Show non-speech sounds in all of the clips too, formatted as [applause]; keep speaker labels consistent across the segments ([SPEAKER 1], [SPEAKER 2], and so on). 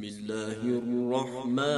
[SPEAKER 1] بسم الله الرحمن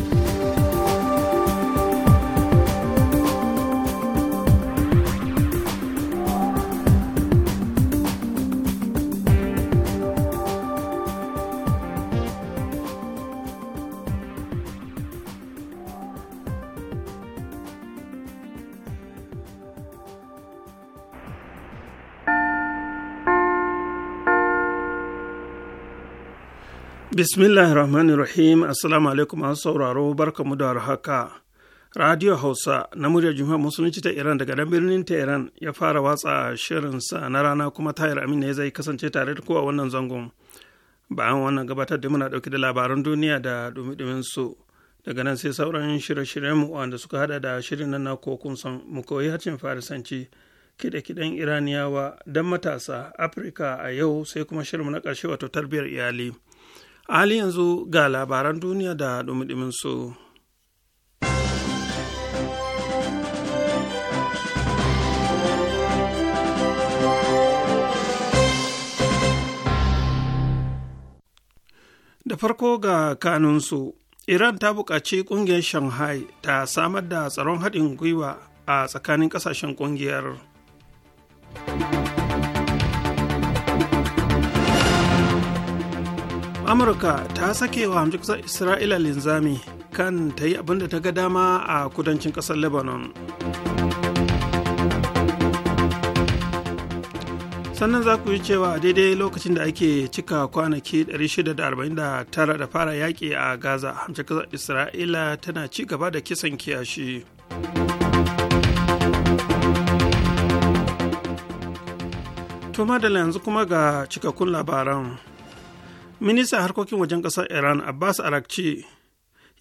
[SPEAKER 2] Bismillahir Rahmanir Rahim, Assalamu alaikum masu sauraro barkamu da haka. Radio Hausa na muryar Jumhuriyar Musulunci ta Iran daga dan birnin Iran ya fara watsa shirinsa na rana kuma Tahir Amin ne zai kasance tare da a wannan zangon. Bayan wannan gabatar da muna dauke da labaran duniya da dumi su daga nan sai sauran shirye-shiryen mu wanda suka hada da shirin nan na kokun san mu koyi hacin farisanci kide-kiden Iraniyawa dan matasa Afirka a yau sai kuma shirin na karshe wato tarbiyar iyali. hali yanzu ga labaran duniya da dumi su. da farko ga kanunsu iran ta buƙaci ƙungiyar shanghai ta samar da tsaron haɗin gwiwa a tsakanin ƙasashen ƙungiyar amurka ta sake wa hamji isra'ila linzami kan ta yi abinda ta ga dama a kudancin kasar lebanon sannan za ku yi cewa a daidai lokacin da ake cika kwanaki 649 da fara yaƙi a gaza hamci kasar isra'ila tana ci gaba da kisan kiyashi to madalla yanzu kuma ga cikakkun labaran ministan harkokin wajen ƙasar iran abbas arakci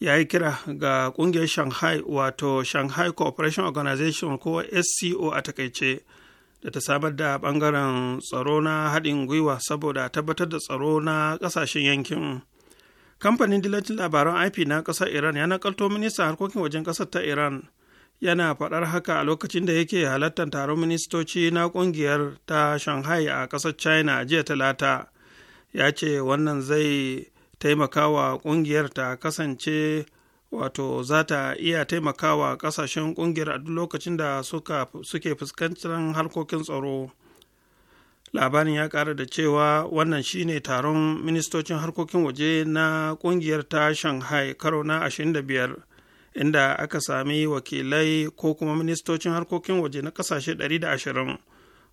[SPEAKER 2] ya yi kira ga ƙungiyar shanghai wato shanghai cooperation organization ko sco a takaice da ta samar da ɓangaren tsaro na haɗin gwiwa saboda tabbatar da tsaro na ƙasashen yankin kamfanin dilancin labaran ip na ƙasar iran ya nakalto ministan harkokin wajen ƙasar ta iran yana faɗar haka a lokacin da yake halartar taron ministoci na ƙungiyar ta shanghai a ƙasar china jiya talata ya ce wannan zai taimakawa ƙungiyar ta kasance wato za ta iya taimakawa ƙasashen ƙungiyar a duk lokacin da suke fuskantar harkokin tsaro labarin ya ƙara da cewa wannan shine taron ministocin harkokin waje na ƙungiyar ta shanghai karo na 25 inda aka sami wakilai ko kuma ministocin harkokin waje na ƙasashe 120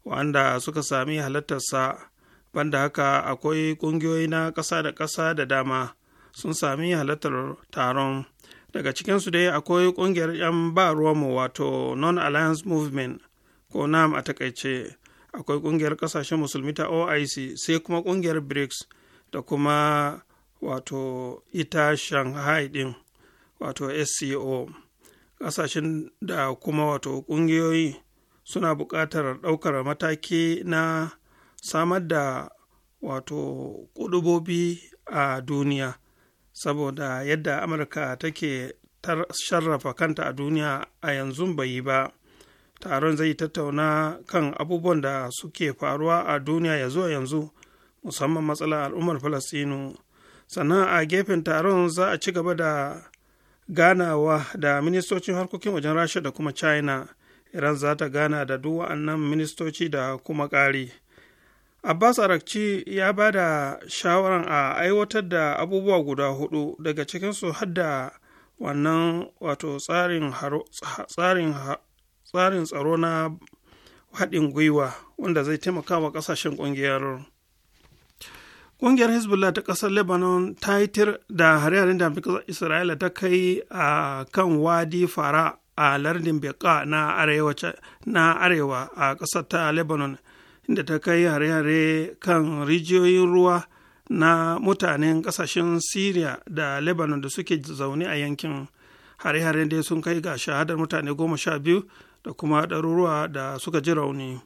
[SPEAKER 2] wanda suka sami halartarsa banda haka akwai ƙungiyoyi na ƙasa da ƙasa da dama sun sami halartar taron daga cikinsu dai akwai ƙungiyar 'yan ba ruwanmu wato non-alliance movement ko nam a takaice akwai ƙungiyar ƙasashen musulmi ta oic sai kuma ƙungiyar brics da kuma wato ita shanghai din wato sco ƙasashen da kuma wato ƙungiyoyi suna buƙatar ɗaukar mataki na samar da wato kudubobi a duniya saboda yadda amurka take sharrafa kanta a duniya a yanzu bai yi ba taron zai tattauna kan abubuwan da suke faruwa a duniya ya zuwa yanzu musamman matsalar al'ummar falastinu sannan a gefen taron za a ci gaba da ganawa da ministocin harkokin wajen rasha da kuma china iran za ta gana da duk wa'annan ministoci da kuma ƙari abbas arakci ya ba da shawaran a aiwatar da abubuwa guda hudu daga cikinsu hadda wannan wato tsarin tsaro na haɗin gwiwa wanda zai taimaka wa ƙasashen ƙungiyar ƙungiyar hezbollah ta ƙasar lebanon ta yi tir da hare-haren da isra'ila ta kai a kan wadi fara a lardin beka na arewa a ƙasar ta lebanon inda ta kai hare-hare kan rijiyoyin ruwa na mutanen ƙasashen syria da lebanon da suke zaune a yankin hare-hare dai sun kai ga shahadar mutane goma sha biyu da kuma ɗaruruwa da suka ji rauni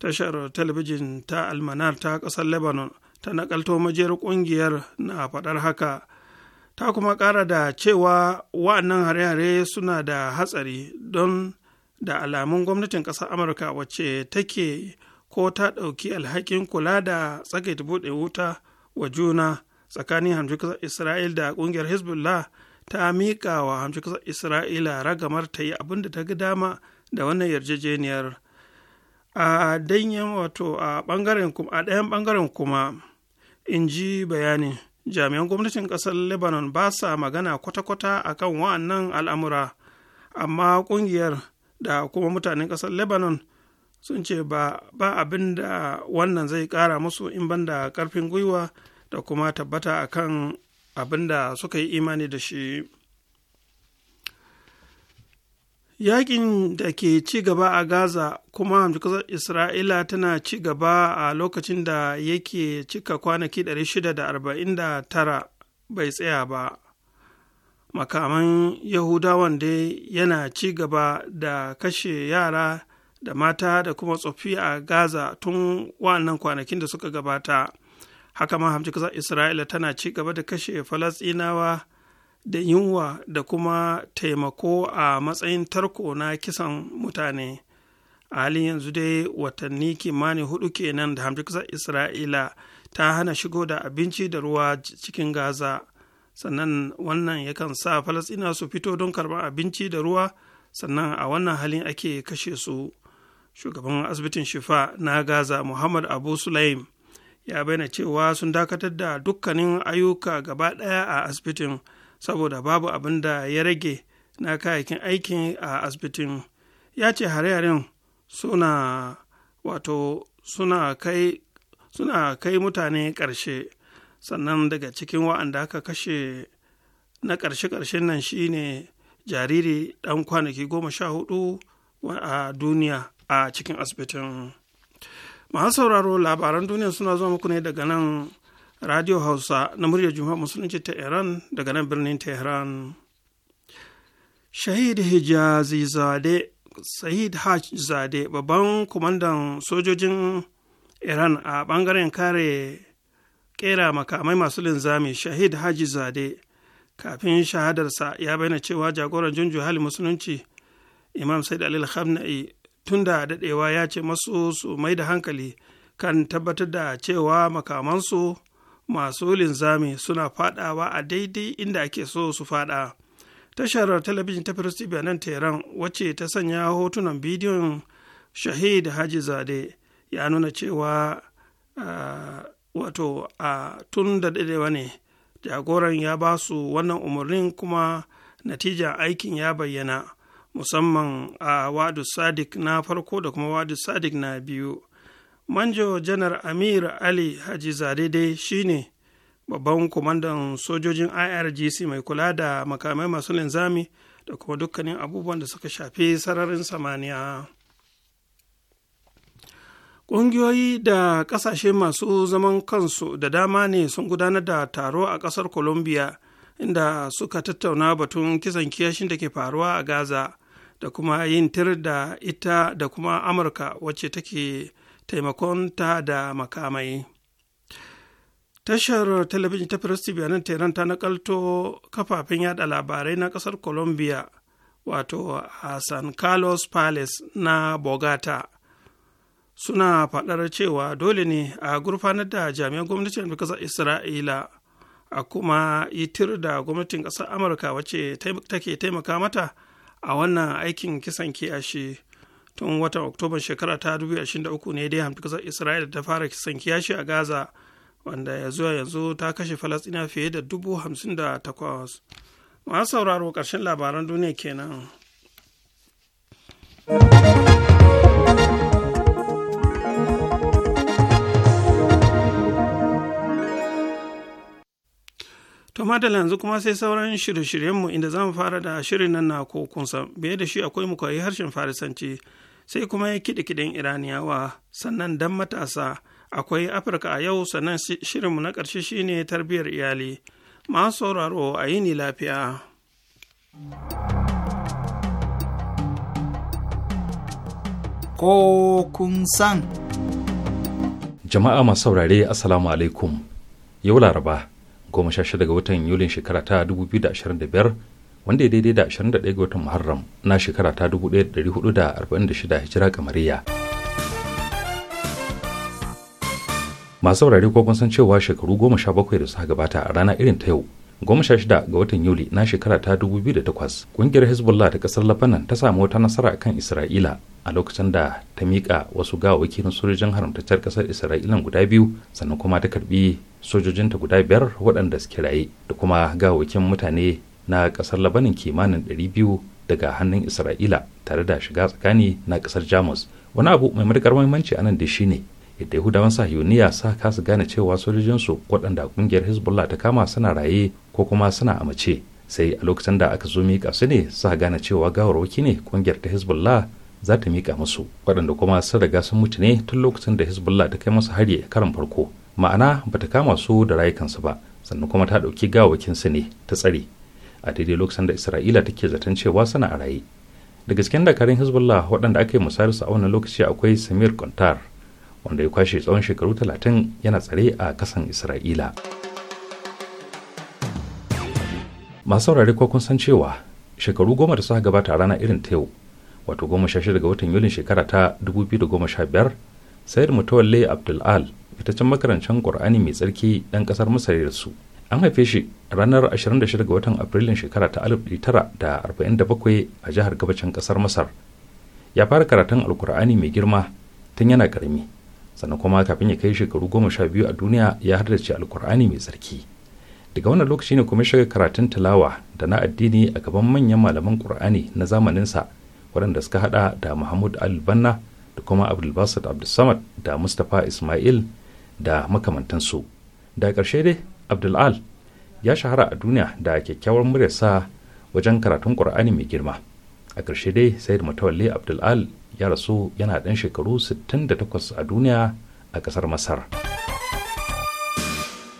[SPEAKER 2] tashar talabijin ta almanar ta ƙasar lebanon ta nakalto majiyar ƙungiyar na faɗar haka ta kuma ƙara da cewa wa'annan hare-hare suna da hatsari don da alamun gwamnatin ƙasar amurka wacce take ko ta ɗauki alhakin kula da tsakaita buɗe wuta wa juna tsakanin hamjikasar isra'il da ƙungiyar hezbollah ta miƙa wa hamjikasar isra'ila ragamar ta yi abin da ta ga dama da wannan yarjejeniyar a danyen wato a ɓangaren kuma a ɗayan ɓangaren kuma in ji bayani jami'an gwamnatin ƙasar lebanon ba sa magana kwata-kwata akan wa'annan al'amura amma ƙungiyar da kuma mutanen ƙasar lebanon sun ce ba abin da wannan zai kara musu in banda ƙarfin gwiwa da kuma tabbata a kan abin da suka yi imani da shi yakin da ke ci gaba a gaza kuma hamdukasar isra'ila tana ci gaba a lokacin da yake cika kwanaki 649 bai tsaya ba makaman yahudawan da yana ci gaba da kashe yara da mata da kuma tsofi a gaza tun wannan kwanakin da suka gabata haka ma hamci kasar isra'ila tana ci gaba da kashe falasinawa da yunwa da kuma taimako a matsayin tarko na kisan mutane a halin yanzu dai watanni kimanin hudu kenan da hamci kasar isra'ila ta hana shigo da abinci da ruwa cikin gaza sannan wannan yakan sa falasina su fito don karɓar abinci da ruwa sannan a wannan halin ake kashe su shugaban asibitin shifa na gaza muhammad abu sulaim ya bayyana cewa sun dakatar da dukkanin ayyuka gaba ɗaya a asibitin saboda babu abin da ya rage na kayayyakin aikin a asibitin ya ce hare-haren suna wato suna kai suna kai mutane ƙarshe sannan daga cikin wa'anda aka kashe na ƙarshe-ƙarshen nan shine jariri ɗan kwanaki goma sha hudu a duniya a cikin asibitin masu sauraro labaran duniya suna zuwa muku ne daga nan radio hausa na muryar jumhuriyar musulunci ta iran daga nan birnin tehran shahid hijazi zade sahid haj zade babban kumandan sojojin iran a bangaren kare kera makamai masu linzami shahid haji zade kafin shahadarsa ya bayyana cewa jagoran junju hali musulunci imam said alil khamna'i tun da daɗewa ya ce masu su mai da hankali kan tabbatar da cewa makamansu masu linzami suna fadawa a daidai inda ake so su fada tashar talabijin ta first nan teran wacce ta sanya hotunan bidiyon shahid haji zade ya nuna cewa wato a tun da daɗewa ne jagoran ya ba su wannan umarnin kuma natijan aikin ya bayyana musamman a wadu sadik na farko da kuma wadu sadik na biyu manjo janar amir ali haji zadede shine babban kwamandan sojojin irgc mai kula da makamai masu linzami da kuma dukkanin abubuwan da suka shafi sararin samaniya ƙungiyoyi da ƙasashe masu zaman kansu da dama ne sun gudanar da taro a ƙasar colombia inda suka tattauna batun kisan kiyashin da ke faruwa a gaza da kuma yin tir da ita da kuma amurka wacce take taimakonta da makamai tashar talabijin ta firisti bayanan tehran ta nakalto kafafen yada labarai na kasar colombia wato a san carlos palace na bogata suna faɗar cewa dole ne a gurfanar da jami'an gwamnatin ƙasar isra'ila a kuma yi tir da gwamnatin ƙasar amurka wacce take taimaka mata a wannan aikin kisan kiyashi tun watan oktoban shekara ta 2023 ne dai hamfi kasar isra'ila ta fara kisan kiyashi a gaza wanda ya zuwa yanzu ta kashe falastina fiye da dubu hamsin da takwas ma sauraro ƙarshen labaran duniya kenan To da yanzu kuma sai sauran shirye-shiryenmu inda za mu fara da shirin nan na ko biye da shi akwai mu koyi harshen farisanci sai kuma ya kiɗe-kiɗen iraniyawa sannan dan matasa akwai afirka a yau sannan shirinmu na ƙarshe shine tarbiyyar iyali masu sauraro a yi ni
[SPEAKER 3] lafiya. Ko san.
[SPEAKER 4] Jama'a masu saurare Assalamu alaikum, yau Laraba. goma sha shida ga watan yulin shekara ta 2025 wanda ya daidai da 21 ga watan muharram na shekara ta 1446 hijira kamariya masu saurare ko san cewa shekaru goma sha bakwai da suka gabata a rana irin ta yau goma sha shida ga watan yuli na shekara ta 2008 ƙungiyar hezbollah ta kasar lebanon ta samu wata nasara kan isra'ila a lokacin da ta miƙa wasu gawawaki na sojojin haramtaccen ƙasar isra'ila guda biyu sannan kuma ta karbi sojojinta guda biyar waɗanda suke raye da kuma gawakin mutane na ƙasar labanin kimanin ɗari biyu daga hannun isra'ila tare da shiga tsakani na ƙasar jamus wani abu mai matuƙar muhimmanci a nan da shi ne yadda yahudawan sahiyoniya sa kasu gane cewa sojojinsu waɗanda ƙungiyar hezbollah ta kama suna raye ko kuma suna amace sai a lokacin da aka zo mika su ne sa gane cewa gawarwaki ne ƙungiyar ta hezbollah za ta miƙa musu waɗanda kuma sun riga sun mutu ne tun lokacin da hezbollah ta kai masa hari a karon farko ma'ana ba ta kama su da rayukansu ba sannan kuma ta ɗauki gawakinsu ne ta tsare a daidai lokacin da isra'ila take zaton cewa suna a raye daga cikin dakarun hezbollah waɗanda aka yi su a wannan lokaci akwai samir kontar wanda ya kwashe tsawon shekaru talatin yana tsare a kasan isra'ila masu saurare ko kun san cewa shekaru goma da suka gabata a rana irin ta yau wato goma sha shida ga watan yulin shekara ta 2015 sayar mutawalle abdul al fitaccen makarancin qur'ani mai tsarki ɗan ƙasar masar da su an haife shi ranar 26 ga watan afrilun shekara ta 1947 a jihar gabacin ƙasar masar ya fara karatun alkur'ani mai girma tun yana ƙarami sannan kuma kafin ya kai shekaru goma sha biyu a duniya ya haddace alkur'ani mai tsarki daga wannan lokaci ne kuma shiga karatun talawa da na addini a gaban manyan malaman qur'ani na zamaninsa waɗanda suka haɗa da muhammad al-banna da kuma abdulbasir abdulsamad da mustapha ismail da makamantansu da ƙarshe dai abdul'al ya shahara a duniya da kyakkyawar muryarsa wajen karatun ƙur'ani mai girma a ƙarshe dai sayyid mutawalli abdul'al ya rasu yana ɗan shekaru 68 a duniya a ƙasar masar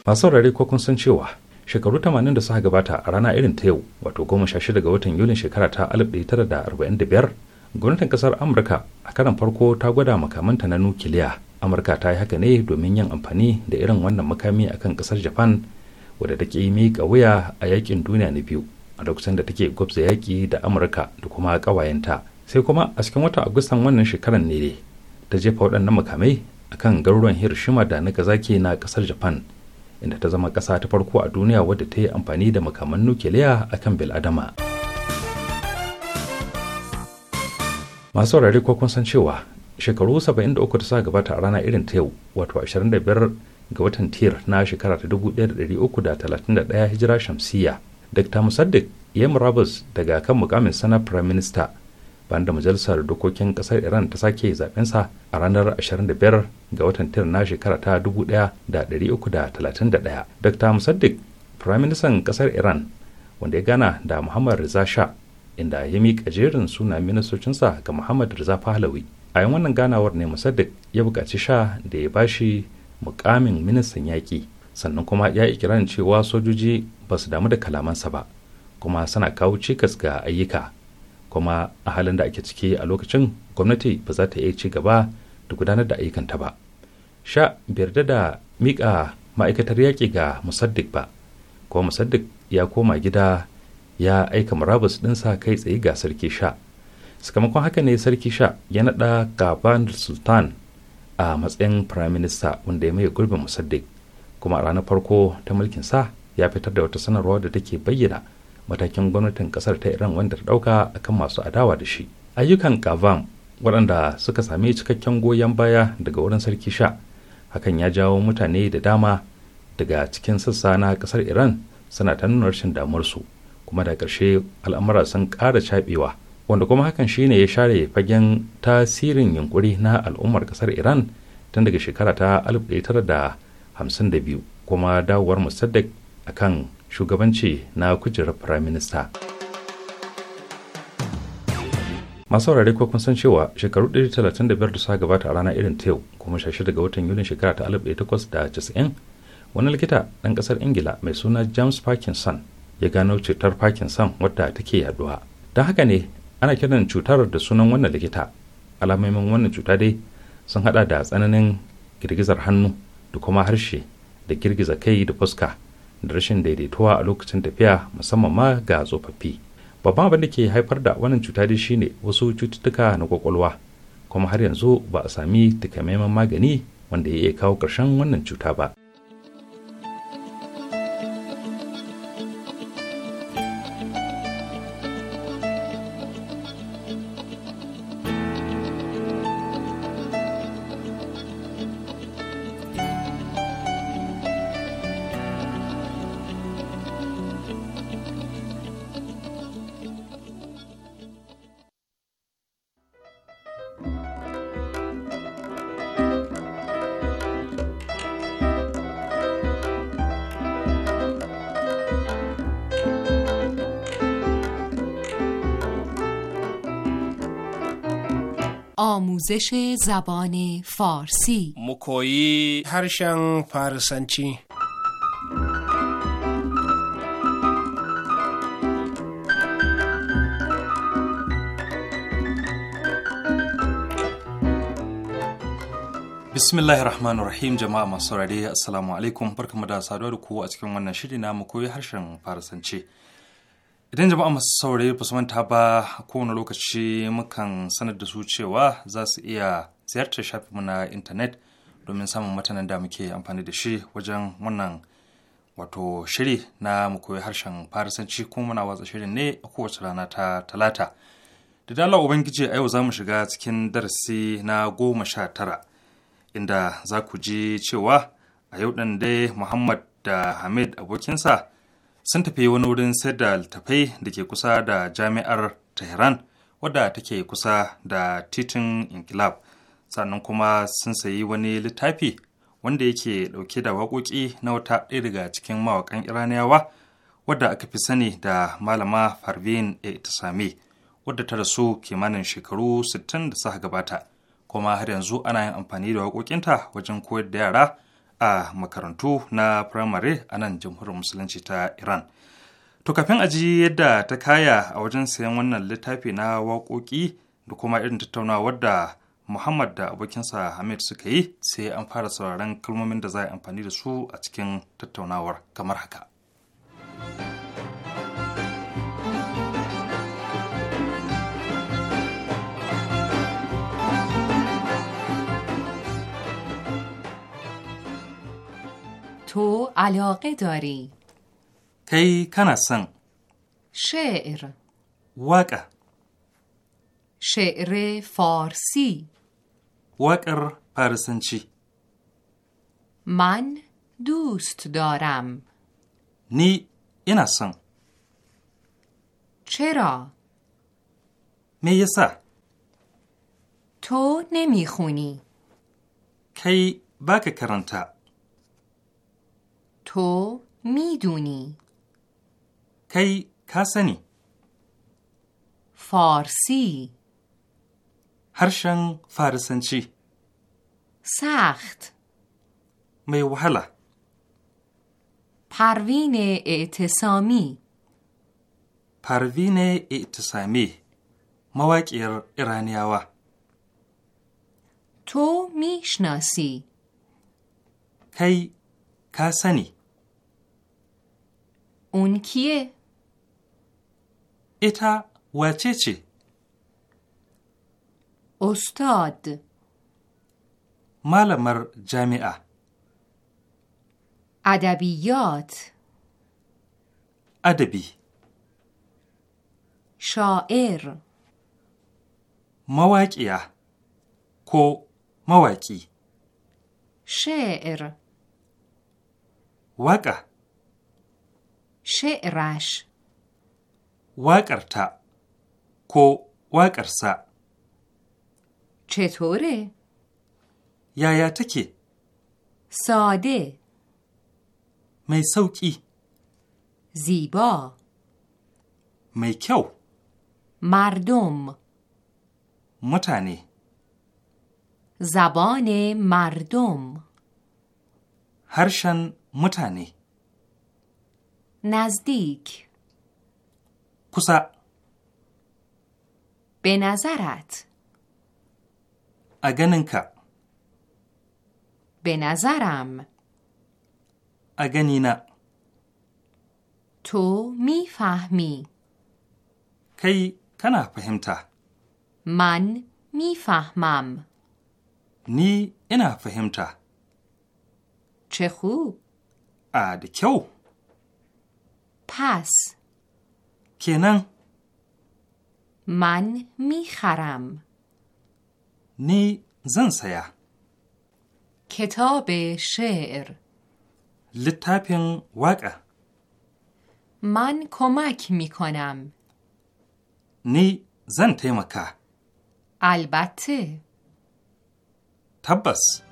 [SPEAKER 4] masu saurare ko kun san cewa shekaru 80 da suka gabata a rana irin ta yau wato 16 ga watan yulin shekara ta 1945 gwamnatin ƙasar amurka a karan farko ta gwada makamanta na nukiliya amurka ta yi haka ne domin yin amfani da irin wannan makami a kan kasar japan wadda take yi miƙa wuya a yakin duniya na biyu a lokacin da take gwabza yaƙi da amurka da kuma ƙawayenta sai kuma a cikin watan agustan wannan shekaran ne ne ta jefa waɗannan makamai a kan garuruwan hiroshima da nagasaki na kasar japan inda ta zama ƙasa ta farko a duniya wadda ta yi amfani da makaman nukiliya a kan bil'adama masu saurare ko kun san cewa shekaru 73 da suka gabata a rana irin ta yau wato 25 ga watan tir na shekara ta 1331 hijira shamsiyya dr musaddiq ya murabus daga kan mukamin sana prime minister bayan majalisar dokokin kasar iran ta sake zabensa a ranar 25 ga watan tir na shekara ta 1331 dr musaddiq prime minister kasar iran wanda ya gana da muhammad riza sha inda ya miƙa jerin suna ministocinsa ga muhammad riza halawi a yan wannan ganawar ne musaddik ya buƙaci sha da ya bashi mukamin ministan yaƙi sannan kuma ya kiran cewa sojoji ba su damu da kalamansa ba kuma suna kawo cikas ga ayyuka kuma a halin da ake ciki a lokacin gwamnati ba za ta iya ci gaba da gudanar da ayyukanta ba sha bai yarda da miƙa ma'aikatar yaƙi ga musaddik ba kuma musaddik ya koma gida ya aika murabus ɗinsa kai tsaye ga sarki sha sakamakon haka ne sarki sha ya naɗa gaban sultan a matsayin firaminista wanda ya maye gurbin musaddik kuma a ranar farko ta mulkin sa ya fitar da wata sanarwa da take bayyana matakin gwamnatin kasar ta iran wanda ta dauka akan masu adawa da shi ayyukan kavam waɗanda suka sami cikakken goyon baya daga wurin sarki sha hakan ya jawo mutane da dama daga cikin sassa na kasar iran suna ta nuna rashin damuwarsu kuma da ƙarshe al'amura sun ƙara caɓewa wanda kuma hakan shine ya share fagen tasirin yunkuri na al'ummar kasar iran tun daga shekara ta 1952 kuma dawowar musaddak kan shugabanci na kujerar firaminista. masu wurare ko kun san cewa shekaru 135 da suka gabata a rana irin ta yau kuma 16 ga watan yulin shekara ta 1890 wani likita ɗan ƙasar ingila mai suna james parkinson ya gano cutar parkinson wadda take yaduwa don haka ne ana kiran cutar da sunan wannan likita alamomin wannan cuta dai sun hada da tsananin girgizar hannu da kuma harshe da girgiza kai da fuska da rashin daidaituwa a lokacin tafiya musamman ma ga tsofaffi babban abin da ke haifar da wannan cuta dai shine wasu cututtuka na kwakwalwa kuma har yanzu ba a sami takamaiman magani wanda ya iya kawo ƙarshen wannan cuta ba
[SPEAKER 5] آموزش زبان فارسی
[SPEAKER 6] مکویی هرشن فارسنچی
[SPEAKER 4] bismillahi rahmanir rahim jama'a masu saurare assalamu alaikum barkamu da saduwa da ku a cikin wannan shiri na mu koyi harshen farasanci Idan jama'a masu saurayi ba su manta ba kowane lokaci mukan sanar da su cewa za su iya ziyartar shafinmu na intanet domin samun matanan da muke amfani da shi wajen wannan wato shiri na mu koyi harshen farisanci kuma muna watsa shirin ne a kowace rana ta talata. Da dala Ubangiji a yau za mu shiga cikin darasi na goma sha tara inda za ku ji cewa a yau ɗan dai Muhammad da Hamid abokinsa sun tafi wani wurin sayar da littattafai da ke kusa da jami'ar tehran wadda take kusa da titin inkilab sannan kuma sun sayi wani littafi wanda yake dauke da waƙoƙi na wata ɗaya daga cikin mawakan iraniyawa wadda aka fi sani da malama farvin e wadda ta rasu kimanin shekaru 60 da suka gabata kuma har yanzu ana yin amfani da waƙoƙinta wajen koyar da yara a makarantu na firamare a nan jamhuriyar musulunci ta iran to kafin ji yadda ta kaya a wajen sayan wannan littafi na waƙoƙi da kuma irin tattaunawar da muhammad da abokinsa hamid suka yi sai an fara sauraron kalmomin da za a yi amfani da su a cikin tattaunawar kamar haka.
[SPEAKER 5] تو علاقه داری
[SPEAKER 4] کی کنا سن
[SPEAKER 5] شعر وقع شعر فارسی
[SPEAKER 4] وقر پرسنچی
[SPEAKER 5] من دوست دارم
[SPEAKER 4] نی این
[SPEAKER 5] چرا؟ میسه تو نمیخونی
[SPEAKER 4] کی بک کرنتا
[SPEAKER 5] تو میدونی کی کسنی فارسی
[SPEAKER 4] هرشن فارسنچی
[SPEAKER 5] سخت میوهلا پروین اعتصامی
[SPEAKER 4] پروین اعتصامی مواقع ایرانیاوا
[SPEAKER 5] تو میشناسی کی
[SPEAKER 4] کسنی
[SPEAKER 5] اون کیه؟
[SPEAKER 4] ایتا وچه چی؟
[SPEAKER 5] استاد
[SPEAKER 4] مر جامعه
[SPEAKER 5] ادبیات ادبی شاعر
[SPEAKER 4] مواقعه کو مواقعی
[SPEAKER 5] شعر واقع شعرش
[SPEAKER 4] واقرتا کو واقرسا
[SPEAKER 5] چطوره؟
[SPEAKER 4] یایا تکی
[SPEAKER 5] ساده
[SPEAKER 4] می سوکی
[SPEAKER 5] زیبا می مردم
[SPEAKER 4] متانی
[SPEAKER 5] زبان مردم
[SPEAKER 4] هرشن متانی
[SPEAKER 5] نزدیک کوسا به نظرت
[SPEAKER 4] اگننکا
[SPEAKER 5] به نظرم اگنینا تو میفهمی کی کنا فهمتا من میفهمم
[SPEAKER 4] نی اینا فهمتا چه خوب کیو
[SPEAKER 5] پس کنن من میخرم
[SPEAKER 4] نی زن سیا
[SPEAKER 5] کتاب شعر
[SPEAKER 4] لطاپین واقع
[SPEAKER 5] من کمک میکنم
[SPEAKER 4] نی زن تیمکا
[SPEAKER 5] البته
[SPEAKER 4] تبس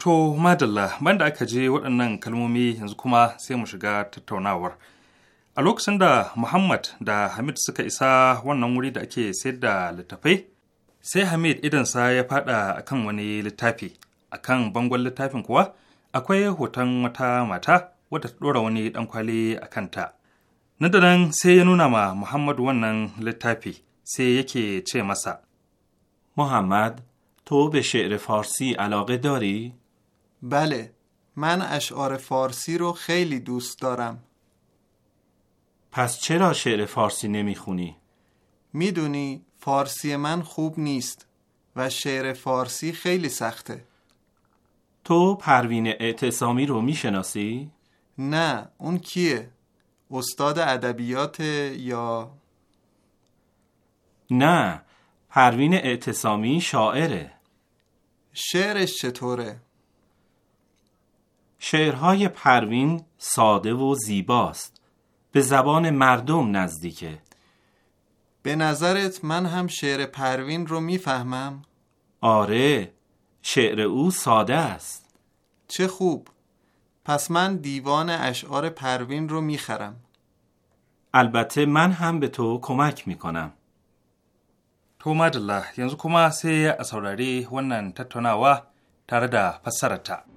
[SPEAKER 4] To madalla banda aka je waɗannan kalmomi yanzu kuma sai mu shiga tattaunawar. A lokacin da Muhammad da Hamid suka isa wannan wuri da ake sayar da littafai, sai Hamid idansa ya faɗa akan wani littafi. Akan bangon littafin kuwa akwai hoton wata mata wadda ta ɗora wani ɗan kwali a kanta. Nan da nan sai ya nuna ma Muhammad wannan littafi sai yake ce masa. Muhammad, to be a farsi علاقه داری؟
[SPEAKER 7] بله من اشعار فارسی رو خیلی دوست دارم پس چرا شعر فارسی
[SPEAKER 4] نمیخونی؟
[SPEAKER 7] میدونی فارسی من خوب نیست و شعر فارسی خیلی سخته
[SPEAKER 4] تو پروین اعتصامی رو میشناسی؟
[SPEAKER 7] نه اون کیه؟ استاد ادبیات یا
[SPEAKER 4] نه پروین اعتصامی شاعره شعرش چطوره؟ شعرهای پروین ساده و
[SPEAKER 7] زیباست به زبان مردم نزدیکه به نظرت من هم شعر پروین رو میفهمم؟ آره شعر او
[SPEAKER 4] ساده است
[SPEAKER 7] چه خوب پس من دیوان اشعار پروین رو میخرم
[SPEAKER 4] البته من هم به تو کمک میکنم تو مجله ینزو یعنی کما سه اسوراری ونن و ترده پسرته.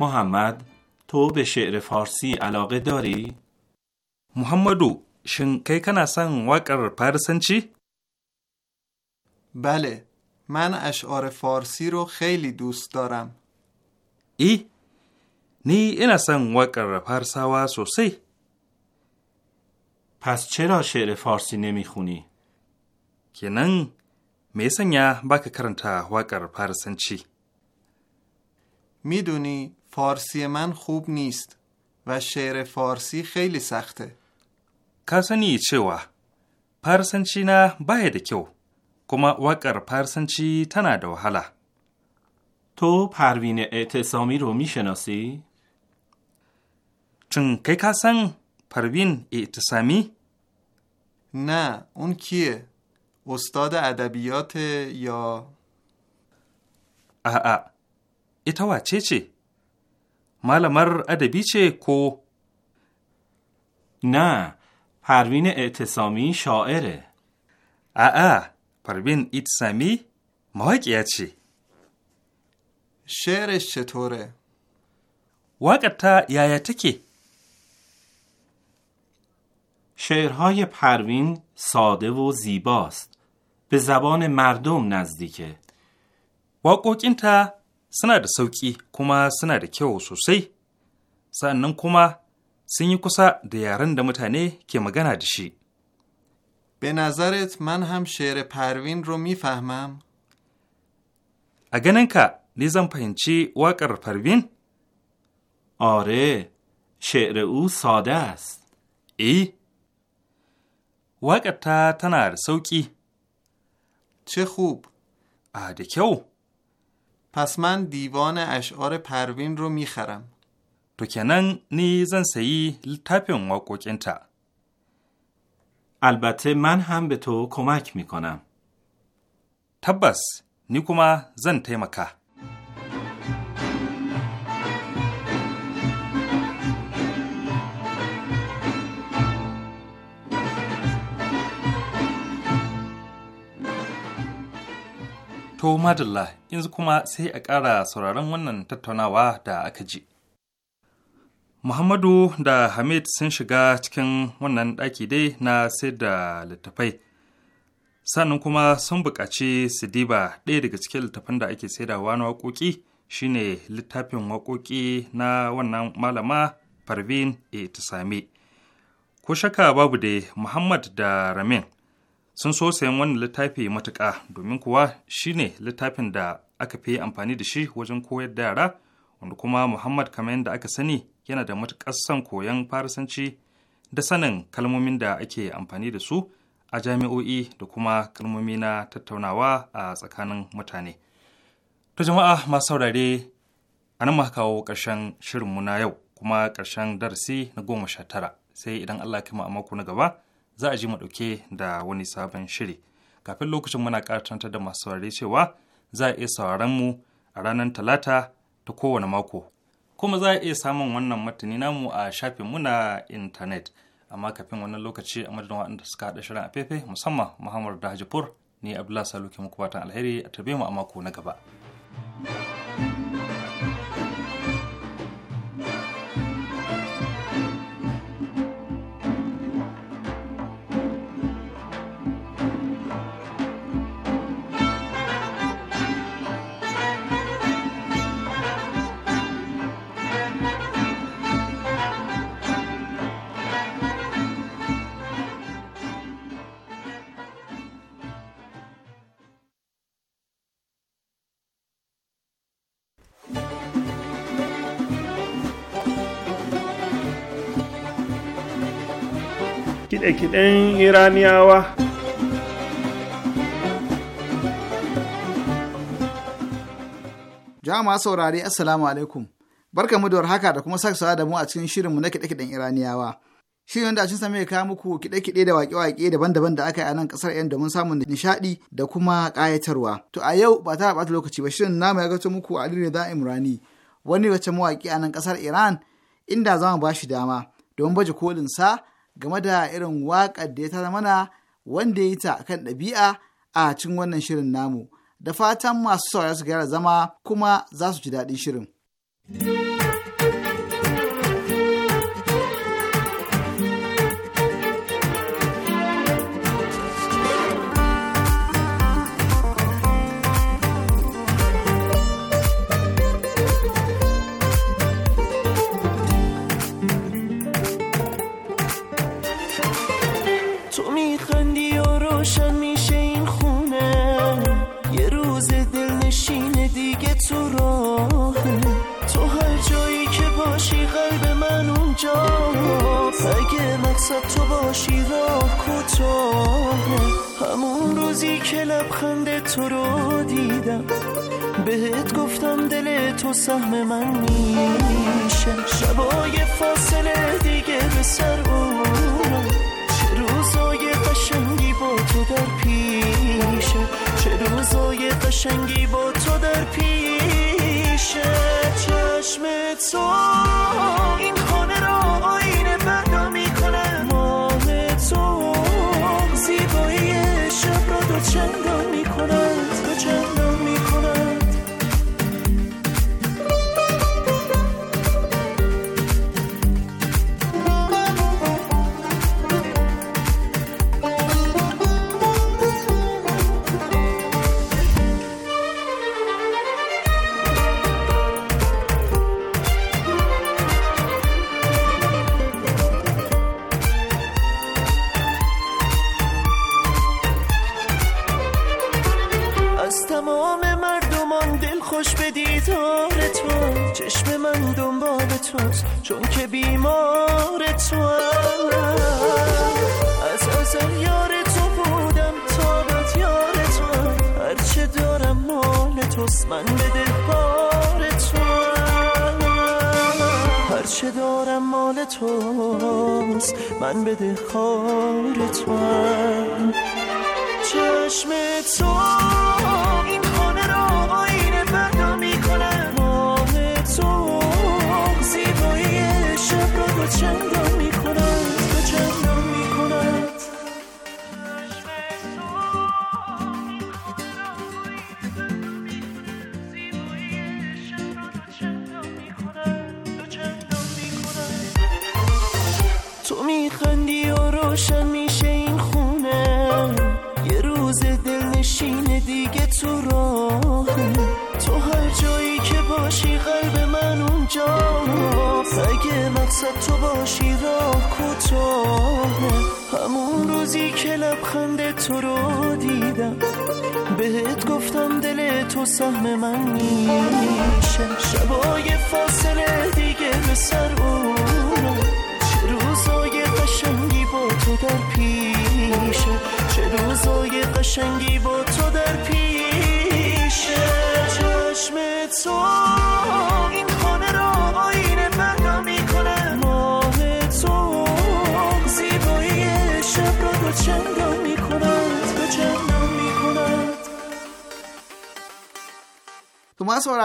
[SPEAKER 4] محمد تو به شعر فارسی علاقه داری؟ محمدو شن کی کنا
[SPEAKER 7] سن وقر پرسنچی؟ بله من اشعار فارسی رو خیلی دوست دارم ای؟ نی اینا
[SPEAKER 4] سن وقر پرسوا سوسی؟ پس چرا شعر
[SPEAKER 7] فارسی نمیخونی؟ کنن میسن یا باک کرنتا وقر پرسنچی؟ میدونی فارسی من خوب نیست و شعر فارسی خیلی سخته کسانی چه و
[SPEAKER 4] پرسنچی نه باید کیو کما وکر پرسنچی تنه حالا تو پروین اعتصامی رو میشناسی؟
[SPEAKER 7] چون که کسان پروین اعتصامی؟ نه اون کیه؟ استاد ادبیات یا... آه آه ایتا چه چی؟ ملمر
[SPEAKER 4] ادبی چه کو نه پروین اعتصامی شاعره آآ، پروین اعتصامی محاکیه چی شعرش چطوره تا یایا تکی شعرهای پروین ساده و زیباست به زبان مردم نزدیکه واقعا suna da sauƙi kuma suna da kyau sosai
[SPEAKER 7] sa'annan kuma sun yi kusa da yaren da mutane ke magana da shi به نظرت من هم شعر پروین رو میفهمم؟
[SPEAKER 4] اگه که نیزم پینچی واقر پروین؟ آره شعر او ساده است ای؟
[SPEAKER 7] واقع تا تنار سوکی چه خوب عاده او پس من دیوان اشعار پروین رو میخرم. تو
[SPEAKER 4] کنن نیزن سیی و واقوکینتا. البته من هم به تو کمک میکنم. تبس نیکوما زن تیمکه. To madalla yanzu kuma sai a ƙara sauraron wannan tattaunawa da aka ji. Muhammadu da Hamid sun shiga cikin wannan ɗaki dai na sai da littafai. Sannan kuma sun buƙaci su diba ɗaya daga cikin littafin da ake saidawa na waƙoƙi shine littafin waƙoƙi na wannan malama Parvin Etisami. Ko shaka babu da Muhammad da Ramin sun so sayan wannan littafi matuƙa domin kuwa shi ne littafin da aka fi amfani da shi wajen koyar da yara wanda kuma muhammad kamar yadda aka sani yana da matuƙar son koyon farisanci da sanin kalmomin da ake amfani da su a jami'o'i da kuma kalmomi na tattaunawa a tsakanin mutane to jama'a masu saurare a nan kawo ƙarshen shirinmu na yau kuma ƙarshen darasi na goma sha tara sai idan allah kima a mako na gaba za a ji mu ɗauke da wani sabon shiri. Kafin lokacin muna ƙaratantar da masu saurare cewa za a iya sauraron mu a ranar Talata ta kowane mako. Kuma za a iya samun wannan matani namu a shafin mu na intanet. Amma kafin wannan lokaci a madadin waɗanda suka haɗa shirin a fefe musamman Muhammad Dahajipur ni Abdullahi Saluki muku fatan alheri a tarbe mu a mako na
[SPEAKER 7] gaba. thank you
[SPEAKER 2] kiɗe-kiɗen iraniyawa
[SPEAKER 3] jama'a saurari assalamu alaikum barka mu da haka da kuma sake da mu a cikin shirinmu na kiɗe-kiɗen iraniyawa shirin wanda a cikin sami kawo muku kiɗe-kiɗe da waƙe-waƙe daban-daban da aka yi a nan ƙasar yan domin samun nishaɗi da kuma ƙayatarwa to a yau ba ta ɓata lokaci ba shirin namu ya gato muku ali da imrani wani wacce mawaƙi a nan ƙasar iran inda za mu ba shi dama domin baje kolin sa game da irin waƙar da ya tara mana wanda ya yi ta kan ɗabi'a a cikin wannan shirin namu da fatan masu saurara su gyara zama kuma za su ji daɗin shirin.
[SPEAKER 8] واسه تو باشی راه کوتاه همون روزی که لبخند تو رو دیدم بهت گفتم دل تو سهم من میشه شبای فاصله دیگه به سر چه روزای قشنگی با تو در پیشه چه روزای قشنگی با تو در پیشه چشم تو این 全都迷昏了。من دنبال توست چون که بیمار تو از ازم یار تو بودم تا بد یار تو هرچه دارم مال توست من به دلبار تو هرچه دارم مال توست من بده دلخار تو چشم تو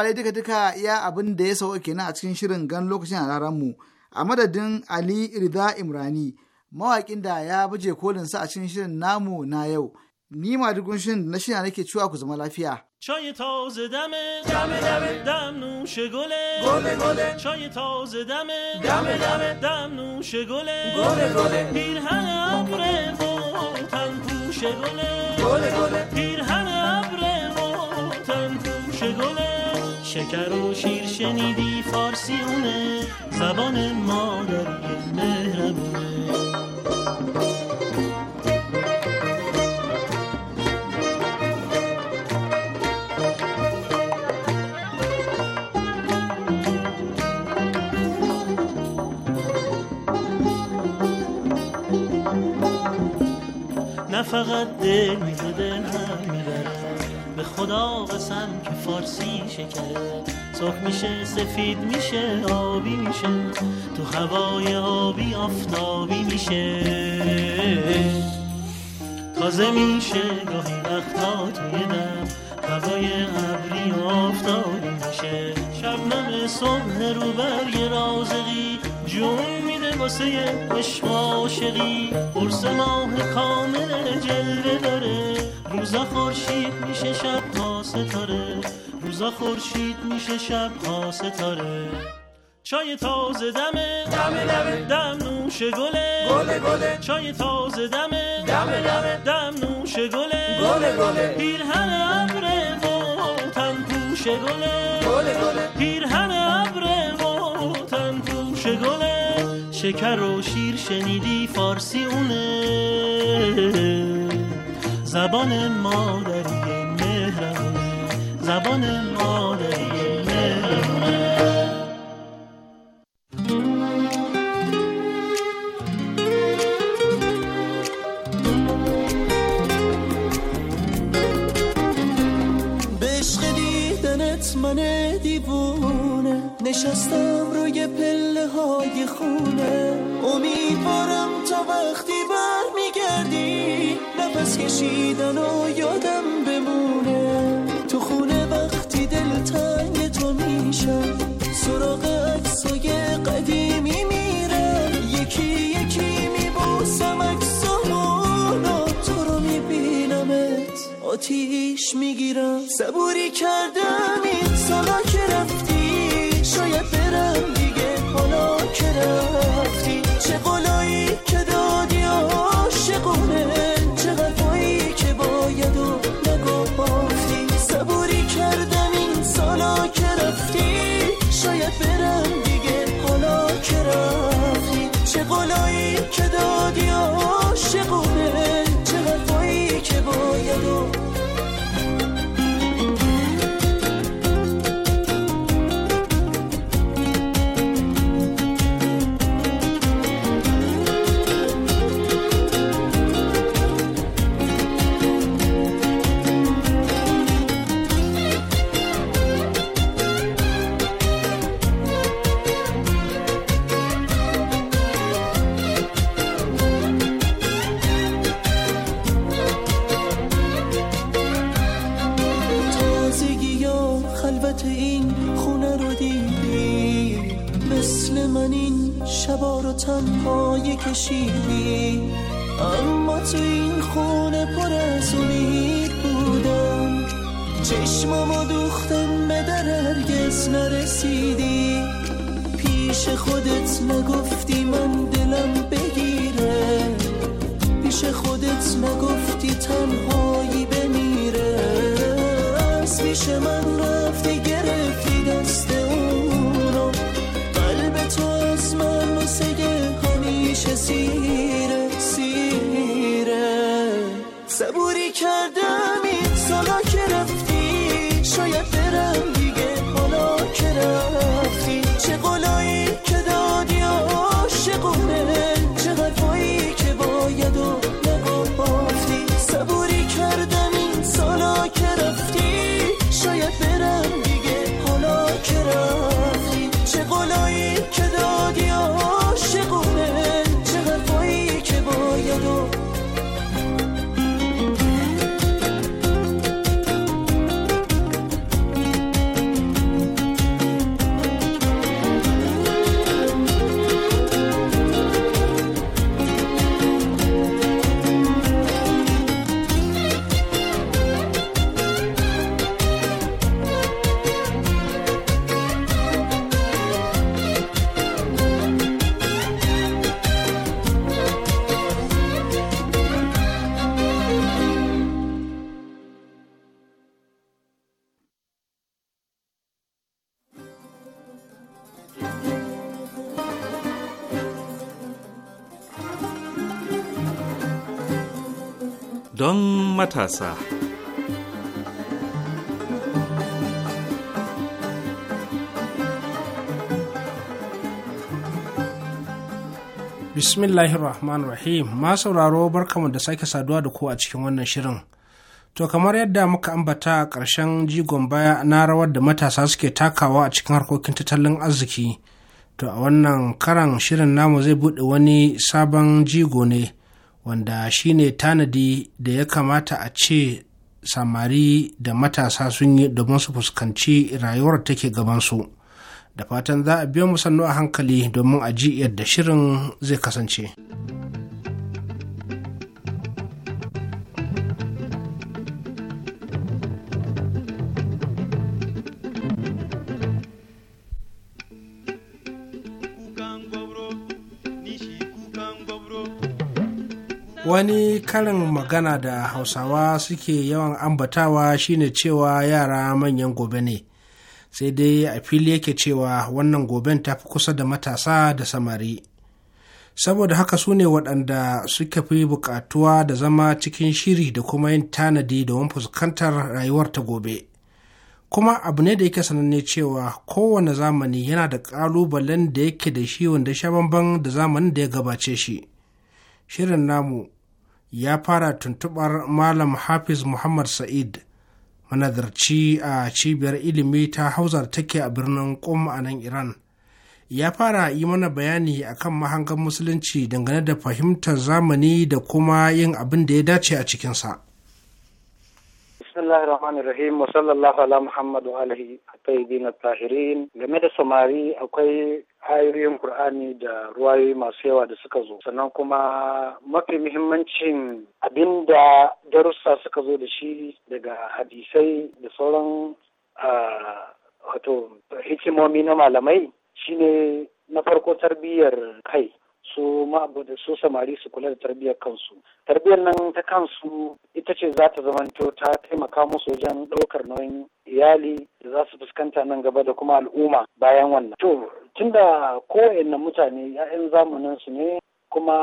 [SPEAKER 3] saurare duka duka iya abin da ya sauka kenan a cikin shirin gan lokacin a mu a madadin Ali Rida Imrani mawaƙin da ya baje kolin sa a cikin shirin namu na yau ni ma dugun shirin na shirya nake cewa ku zama lafiya
[SPEAKER 9] چای تازه دمه دم دمه دم نوش گله گله گله چای تازه دمه دم دمه دم نوش گله گله گله پیرهن ابر تن پوش گله گله گله پیرهن ابر تن پوش گله شکر و شیر شنیدی فارسیونه زبان مادری مهربونه نه فقط دل میده خدا قسم که فارسی شکره سرخ میشه سفید میشه آبی میشه تو هوای آبی آفتابی میشه تازه میشه گاهی وقتا توی دم هوای ابری آفتابی میشه شبنم صبح رو یه رازقی جون میده واسه عشق عاشقی قرص ماه کامل جلوه داره روزا خورشید میشه شب تا ستاره روزا خورشید میشه شب ها ستاره چای تازه دمه دمه دمه دم نوش گله گله گله چای تازه دمه دمه دمه دم نوش گله گله گله پیرهن ابر تن پوش گله گله گله پیرهن ابر تن پوش گله شکر و شیر شنیدی فارسی اونه زبان مادری مهربونه زبان مادری مهربونه
[SPEAKER 8] نشستم روی پله های خونه امیدوارم تا وقتی بر میگردی نفس کشیدن و یادم بمونه تو خونه وقتی دل تنگ تو میشم سراغ اکسای قدیمی میره یکی یکی میبوسم عکسامونو تو رو میبینمت آتیش میگیرم صبوری کردم این سالا که رفتی برم دیگه حالا که رفتی چه قلایی که دادی آشقونه چه حرفایی که باید و نگفتی صبوری کردم این سالا که رفتی شاید برم دیگه حالا که رفتی چه قلایی که دادی اما تو این خونه پر از امید بودم چشممو دوختم به در هرگز نرسیدی پیش خودت نگفتی من دلم بگیره پیش خودت نگفتی تنهایی بمیره از پیش من çölde
[SPEAKER 4] matasa.
[SPEAKER 6] Bismillahir Rahmanir Rahim, ma sauraro barkamu da sake saduwa da ku a cikin wannan shirin. To kamar yadda muka ambata a ƙarshen jigon baya na rawar da matasa suke takawa a cikin harkokin tattalin arziki. To a wannan karan shirin namu zai buɗe wani sabon jigo ne wanda shine tanadi da ya kamata a ce samari da matasa sun yi domin su fuskanci rayuwar take gabansu da fatan za a biyo mu sannu a hankali domin a ji yadda shirin zai kasance. wani karin magana da hausawa suke yawan ambatawa shine cewa yara manyan gobe ne sai dai a fili yake cewa wannan goben ta fi kusa da matasa da samari saboda haka su ne waɗanda suka fi buƙatuwa da zama cikin shiri da kuma yin tanadi domin fuskantar rayuwar ta gobe kuma abu ne da yake sananne cewa kowane zamani yana da ƙalubalen da yake da shi wanda sha bamban da zamanin da ya gabace shi shirin namu ya fara tuntubar malam hafiz muhammad sa'id manazarci a cibiyar ilimi ta hauzar take a birnin ƙum a nan iran ya fara yi mana bayani akan mahangar musulunci dangane da fahimtar zamani da kuma yin abin da ya dace a cikinsa.
[SPEAKER 10] bismillahir rahmanir rahim wa sallallahu ala muhammad wa alihi a game da samari akwai ayoyin Kur'ani da ruwayoyi masu yawa da suka zo. Sannan kuma mafi muhimmancin abinda darussa suka zo da shi daga hadisai da sauran wato hikimomi na malamai shine na farko tarbiyyar kai su ma'abuda su samari su kula da tarbiyyar kansu tarbiyyar nan ta kansu ita ce za ta zamanto ta taimaka musu wajen ɗaukar nauyin iyali da za su fuskanta nan gaba da kuma al'umma bayan wannan to tunda kowanne mutane 'ya'yan zamanin su ne kuma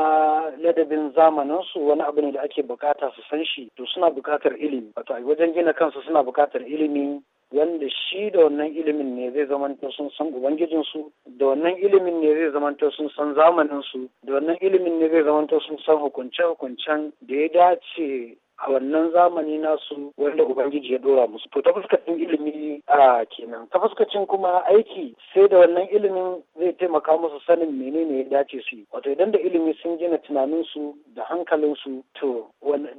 [SPEAKER 10] ladabin zamanin su wani abu ne da ake bukata su san shi to suna bukatar ilimi wato wajen gina kansu suna bukatar ilimi wanda shi da wannan ilimin ne zai zamanta sun san ubangijinsu da wannan ilimin ne zai zamanta sun san zamaninsu da wannan ilimin ne zai zamanta sun san hukunce-hukuncen da ya dace a wannan zamani nasu wanda ubangiji ya dora musu to ta fuskacin ilimi a kenan ta fuskacin kuma aiki sai da wannan ilimin zai taimaka musu sanin menene ya dace su yi wato idan da ilimi sun gina tunaninsu da hankalinsu to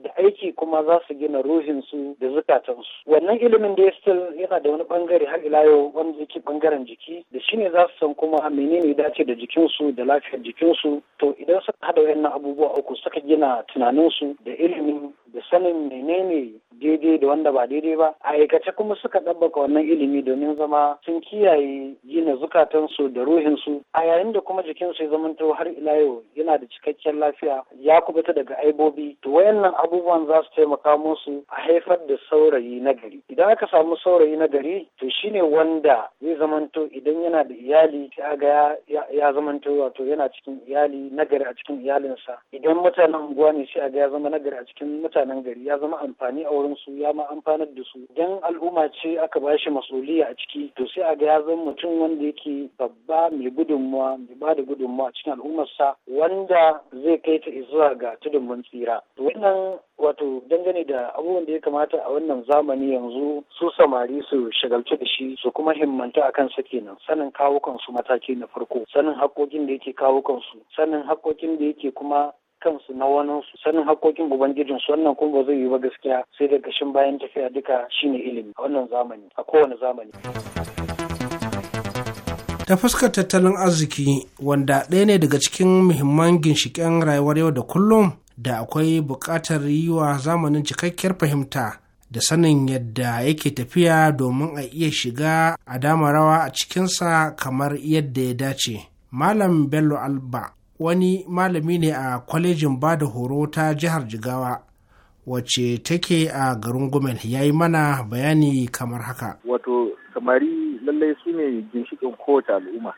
[SPEAKER 10] da aiki kuma za su gina ruhinsu da zukatansu wannan ilimin da still yana da wani bangare har ila yau wanda yake bangaren jiki da shine za su san kuma menene ya dace da jikinsu da lafiyar jikinsu to idan suka hada wayannan abubuwa uku suka gina tunaninsu da ilimin da sanin menene daidai da wanda ba daidai ba a aikace kuma suka ɗabbaka wannan ilimi domin zama sun kiyaye gina zukatansu da ruhinsu a yayin da kuma jikinsu ya zamanto har ila yau yana da cikakken lafiya ya kubuta daga aibobi to wayannan abubuwan za su taimaka musu a haifar da saurayi na gari idan aka samu saurayi na gari to shine wanda zai zamanto idan yana da iyali ga ya zamanto wato yana cikin iyali na gari a cikin iyalinsa idan mutanen unguwa ne sai a ga ya zama na gari a cikin mutanen wannan gari ya zama amfani a wurin su ya ma amfanar da su idan al'umma ce aka ba shi masuliya a ciki to sai a ga ya zama mutum wanda yake babba mai gudunmuwa mai ba da gudunmuwa cikin al'ummarsa wanda zai kai ta zuwa ga tudun mun tsira wannan wato dangane da abubuwan da ya kamata a wannan zamani yanzu su samari su shagalci da shi su kuma himmanta a kansa kenan sanin kawukan su mataki na farko sanin haƙoƙin da yake kawukan su sanin haƙoƙin da yake kuma kansu na wani sanin haƙoƙin ubangijin su wannan kuma ba zai yi ba gaskiya sai da gashin bayan tafiya duka shine ilimi a wannan zamani a kowane zamani.
[SPEAKER 6] ta fuskar tattalin arziki wanda ɗaya ne daga cikin muhimman ginshiƙen rayuwar yau da kullum da akwai buƙatar yi wa zamanin cikakkiyar fahimta da sanin yadda yake tafiya domin a iya shiga a dama rawa a cikinsa kamar yadda ya dace. Malam Bello Alba wani malami ne a kwalejin bada horo ta jihar jigawa wacce take a garin gumel ya yi mana bayani kamar haka
[SPEAKER 11] wato samari lallai su ne ginshikin kowace al'umma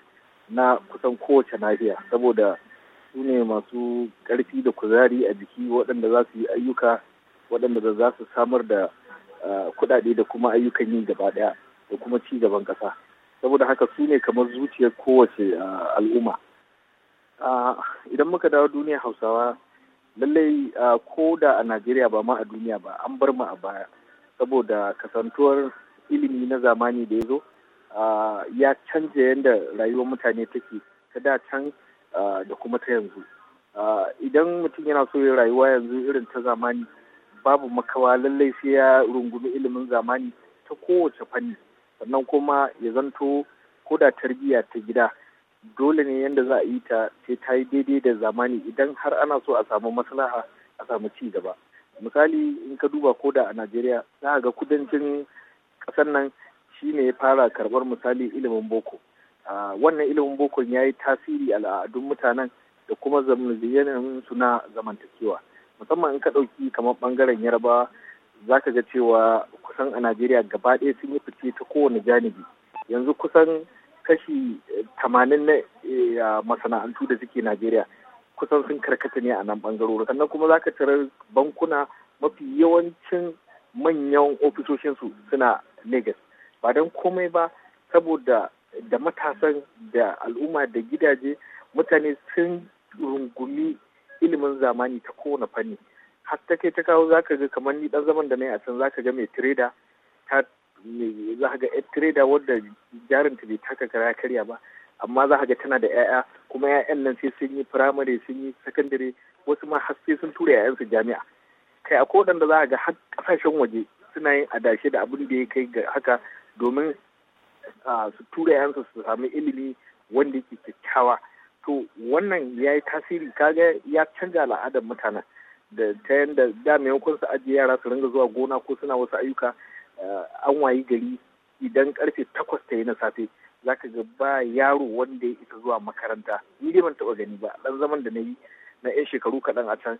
[SPEAKER 11] na kusan kowace nahiya saboda su ne masu ƙarfi da kuzari a jiki waɗanda za su yi ayyuka waɗanda za su samar da kuɗaɗe da kuma ayyukan yi gaba ɗaya da kuma ci gaban ƙasa saboda haka su ne kamar zuciyar kowace al'umma idan muka dawo duniya hausawa lallai ko da a najeriya ba ma a duniya ba an bar mu a baya saboda kasantuwar ilimi na zamani da ya zo ya canja yadda rayuwar mutane take ta da can da kuma ta yanzu idan mutum yana so ya rayuwa yanzu irin ta zamani babu makawa lallai sai ya rungumi ilimin zamani ta kowace fanni sannan kuma ya zanto ko da tarbiyya ta gida dole ne yadda za a yi ta sai ta yi daidai da zamani idan har ana so a samu maslaha a samu ci gaba misali in ka duba da a najeriya za ga kudancin kasar nan shine ya fara karbar misali ilimin boko wannan ilimin bokon ya yi tasiri al'adun mutanen da kuma zamanin su na zamantakewa musamman in ka ɗauki kamar ɓangaren yarba za ka ga cewa kusan a najeriya gaba ɗaya sun yi fice ta kowane janibi yanzu kusan kashi tamanin na eh, masana'antu da suke Najeriya kusan sun karkata ne a nan bangarori sannan kuma za ka tarar bankuna mafi yawancin manyan ofisoshinsu suna Legas ba don komai ba saboda da matasan da al'umma da gidaje mutane sun rungumi ilimin zamani ta kowane fanni har ta kai ta kawo ga kamar ni dan zaman da na yi a can zaka ga mai tireda ta za ka ga yar tireda wadda jarinta bai taka kara karya ba amma za ka ga tana da 'ya'ya kuma 'ya'yan nan sai sun yi firamare sun yi sakandare wasu ma har sai sun tura 'ya'yansu jami'a kai akwai waɗanda za ka ga har ƙasashen waje suna yin adashe da abin da ya kai ga haka domin su tura 'ya'yansu su sami ilimi wanda yake kyakkyawa to wannan ya yi tasiri kaga ya canza al'adar mutanen da ta yadda da maimakon su ajiye yara su ringa zuwa gona ko suna wasu ayyuka an wayi gari idan karfe takwas ta yi na safe za ka ga ba yaro wanda ya isa zuwa makaranta ni dai ban taɓa gani ba ɗan zaman da na yi na 'yan shekaru kaɗan a can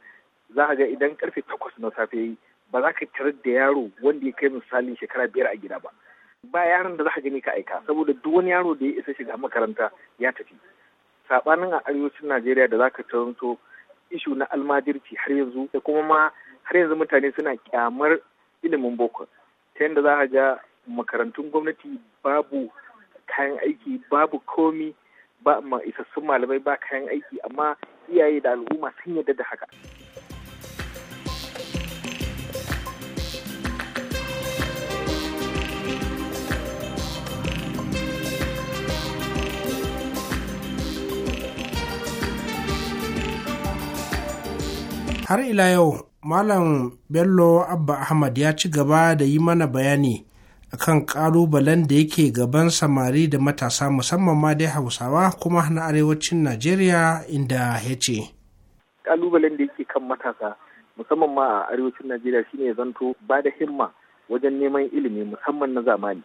[SPEAKER 11] za ka ga idan karfe takwas na safe yi ba za ka tarar da yaro wanda ya kai misali shekara biyar a gida ba ba yaron da za ka gani ka aika saboda duk wani yaro da ya isa shiga makaranta ya tafi saɓanin a arewacin najeriya da za ka taranto ishu na almajirci har yanzu da kuma ma har yanzu mutane suna kyamar ilimin boko ta yadda za a ga makarantun gwamnati babu kayan aiki babu komi ba ma isassun malamai ba kayan aiki amma iyaye da al'umma sun yarda da haka
[SPEAKER 6] har ila yau Malam Bello Abba Ahmad ya ci gaba da yi mana bayani akan ƙalubalen da yake gaban samari da matasa musamman ma dai Hausawa kuma na arewacin Najeriya inda ya ce.
[SPEAKER 11] Ƙalubalen da yake kan matasa musamman ma a arewacin Najeriya shine zanto ba da himma wajen neman ilimi musamman na zamani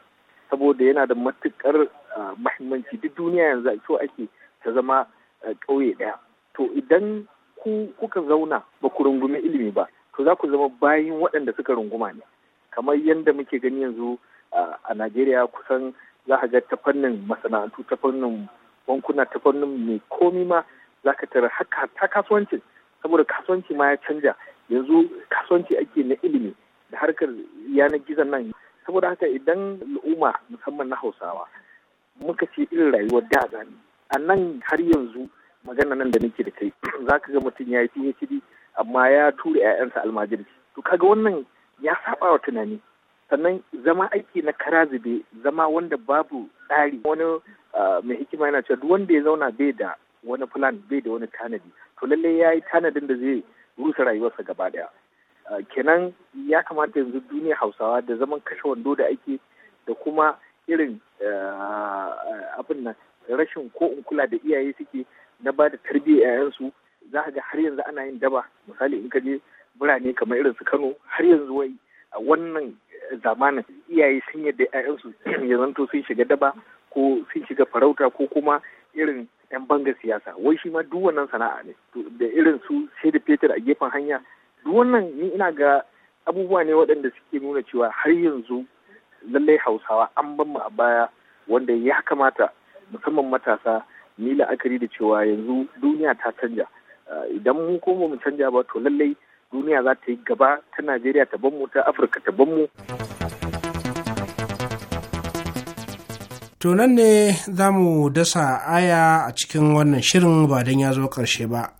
[SPEAKER 11] saboda yana da matukar ah, mahimmanci duk duniya yanzu a ake ta zama ah, ƙauye ɗaya. To idan ku kuka zauna ba ku rungumi ilimi ba to za ku zama bayin waɗanda suka runguma ne kamar yadda muke gani yanzu a najeriya kusan za ka ga ta fannin masana'antu ta fannin bankuna ta fannin mai komi ma za ka tara haka ta kasuwanci saboda kasuwanci ma ya canja yanzu kasuwanci ake na ilimi da harkar yanar gizon nan saboda haka idan al'umma musamman na hausawa muka ce irin rayuwar da a nan har yanzu magana nan da nake da kai [clears throat] za ka ga mutum ya yi PhD amma ya tura 'ya'yansa almajirci to kaga wannan ya saba wa tunani sannan zama aiki na kara zube zama wanda babu tsari wani ah, mai hikima yana cewa duk wanda ya zauna bai da wani plan bai da wani tanadi to lallai ya yi tanadin da zai rusa rayuwarsa gaba daya ah, kenan ya kamata yanzu duniya hausawa da zaman kashe wando da ake da kuma irin ah, abin nan rashin ko in kula da iyaye suke na ba da tarbiyya yayansu za ka ga har yanzu ana yin daba misali in ka je birane kamar irin su Kano har yanzu wai a wannan zamanin iyaye sun yadda yayansu [clears throat] ya zanto sun shiga daba ko sun shiga farauta ko kuma irin yan banga siyasa wai shi ma duk wannan sana'a ne da irin su sai da fetur a gefen hanya duk wannan ni ina ga abubuwa ne waɗanda suke nuna cewa har yanzu lallai hausawa an ban mu a baya wanda ya kamata musamman matasa ni la'akari da cewa yanzu duniya ta canja eh, idan mu ko mu canja ba to lallai duniya za ta yi gaba ta najeriya ta banmu ta afirka ta banmu
[SPEAKER 6] to nan ne za mu dasa aya a cikin wannan shirin ba dan ya zo ƙarshe ba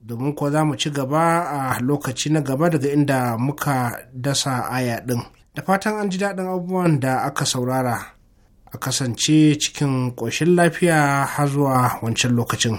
[SPEAKER 6] domin ko za mu ci gaba a lokaci na gaba daga inda muka dasa aya ɗin da fatan an ji daɗin abubuwan da aka saurara a kasance cikin ƙoshin lafiya har zuwa wancan lokacin.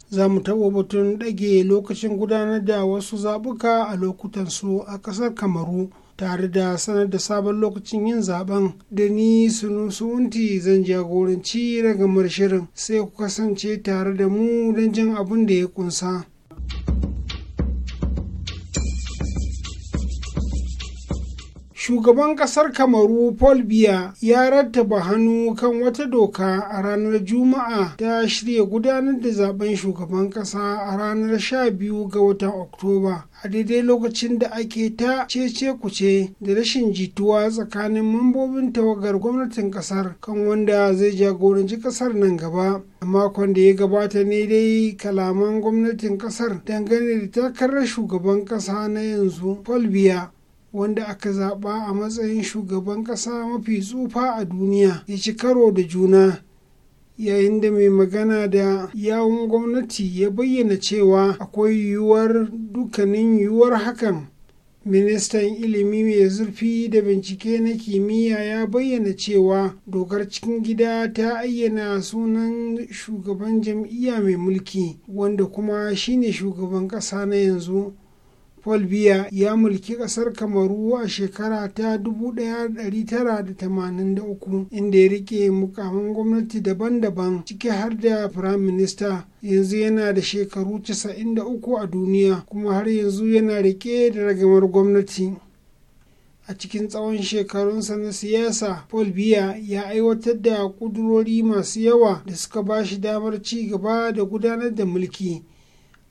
[SPEAKER 12] za mu taɓa batun ɗage lokacin gudanar da wasu zaɓuka a lokutan su a ƙasar kamaru tare da sanar da sabon lokacin yin zaben da ni sunusunti zan jagoranci ragamar shirin sai ku kasance tare da mu don jin abin da ya kunsa. shugaban kasar kamaru paul biya ya rattaba hannu kan wata doka a ranar juma'a ta shirya gudanar da zaben shugaban kasa a ranar 12 ga watan oktoba a daidai lokacin da ake ta cece kuce da rashin jituwa tsakanin mambobin tawagar gwamnatin kasar kan wanda zai jagoranci kasar nan gaba a makon da ya gabata ne dai kalaman gwamnatin kasar dangane da takarar shugaban kasa na yanzu paul biya wanda aka zaɓa a matsayin shugaban ƙasa mafi tsufa a duniya ya ci karo da juna yayin da mai magana da yawun gwamnati ya bayyana cewa akwai yiwuwar dukkanin yiwuwar hakan ministan ilimi mai zurfi da bincike na kimiyya ya bayyana cewa dokar cikin gida ta ayyana sunan shugaban jam'iyya mai mulki wanda kuma shine shugaban ƙasa na yanzu Paul Biya ya mulki ƙasar Kamaru a shekara ta 1983 inda ya rike mukamin gwamnati daban-daban ciki har da Firayim Minista. Yanzu yana da shekaru 93 a duniya kuma har yanzu yana rike da ragamar gwamnati. a cikin tsawon shekarunsa na siyasa paul biya ya aiwatar da ƙudurori masu yawa da suka ba shi damar ci gaba da gudanar da mulki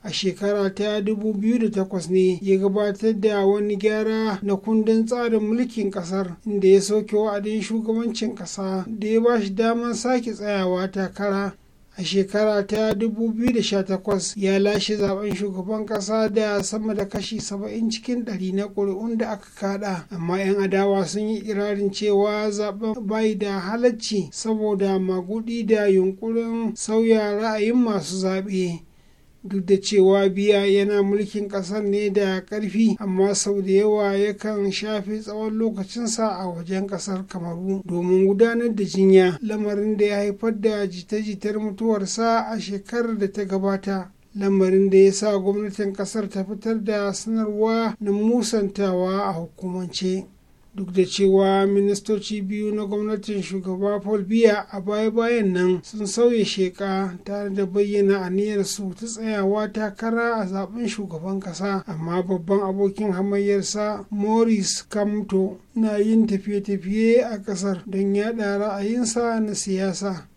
[SPEAKER 12] a shekara ta 2008 ne ya gabatar da wani gyara na kundin tsarin mulkin kasar inda ya soke wa'adin shugabancin kasa da ya ba shi damar sake tsayawa takara a shekara ta 2018 ya lashe zaben shugaban kasa da sama da kashi 70 cikin 100 na ƙuri'un da aka kada amma 'yan adawa sun yi irarin cewa zaben bai da halacci saboda magudi da yunkurin sauya ra'ayin masu zaɓe duk da cewa biya yana mulkin ƙasar ne da ƙarfi, amma sau da yawa yakan shafe tsawon lokacinsa a wajen ƙasar kamaru domin gudanar da jinya lamarin da ya haifar da jita-jitar mutuwarsa a shekarar da ta gabata lamarin da ya sa gwamnatin ƙasar ta fitar da sanarwa na musantawa a hukumance duk da cewa ministoci biyu na gwamnatin shugaba paul biya a baya-bayan nan sun sauya sheka tare da bayyana aniyarsu ta tsayawa takara a zaben shugaban kasa amma babban abokin hamayyarsa morris kamto na yin tafiye-tafiye a kasar don yada ra'ayinsa na siyasa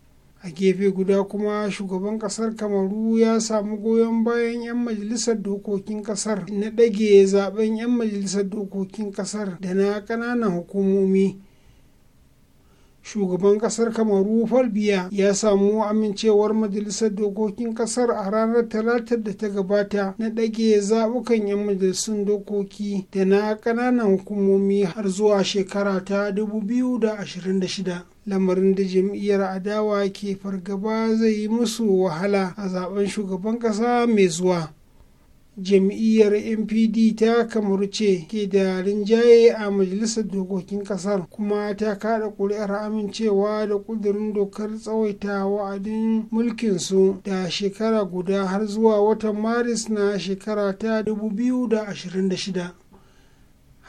[SPEAKER 12] a gefe guda kuma shugaban kasar kamaru ya samu goyon bayan 'yan majalisar dokokin kasar na ɗage zaben 'yan majalisar dokokin kasar da na ƙananan hukumomi shugaban kasar kamaru falbiya ya samu amincewar majalisar dokokin kasar a ranar talatar da ta gabata na ɗage zaɓukan 'yan majalisun dokoki da na ƙananan hukumomi har zuwa shekara ta 2026 lamarin da jam'iyyar adawa ke fargaba zai yi musu wahala a zaben shugaban ƙasa mai zuwa jam'iyyar npd ta kamurce ke da rinjaye a majalisar dokokin kasar kuma ta kada kuri'ar amincewa da kudurin dokar tsawaita wa'adin mulkinsu da shekara guda har zuwa watan maris na shekara ta 2026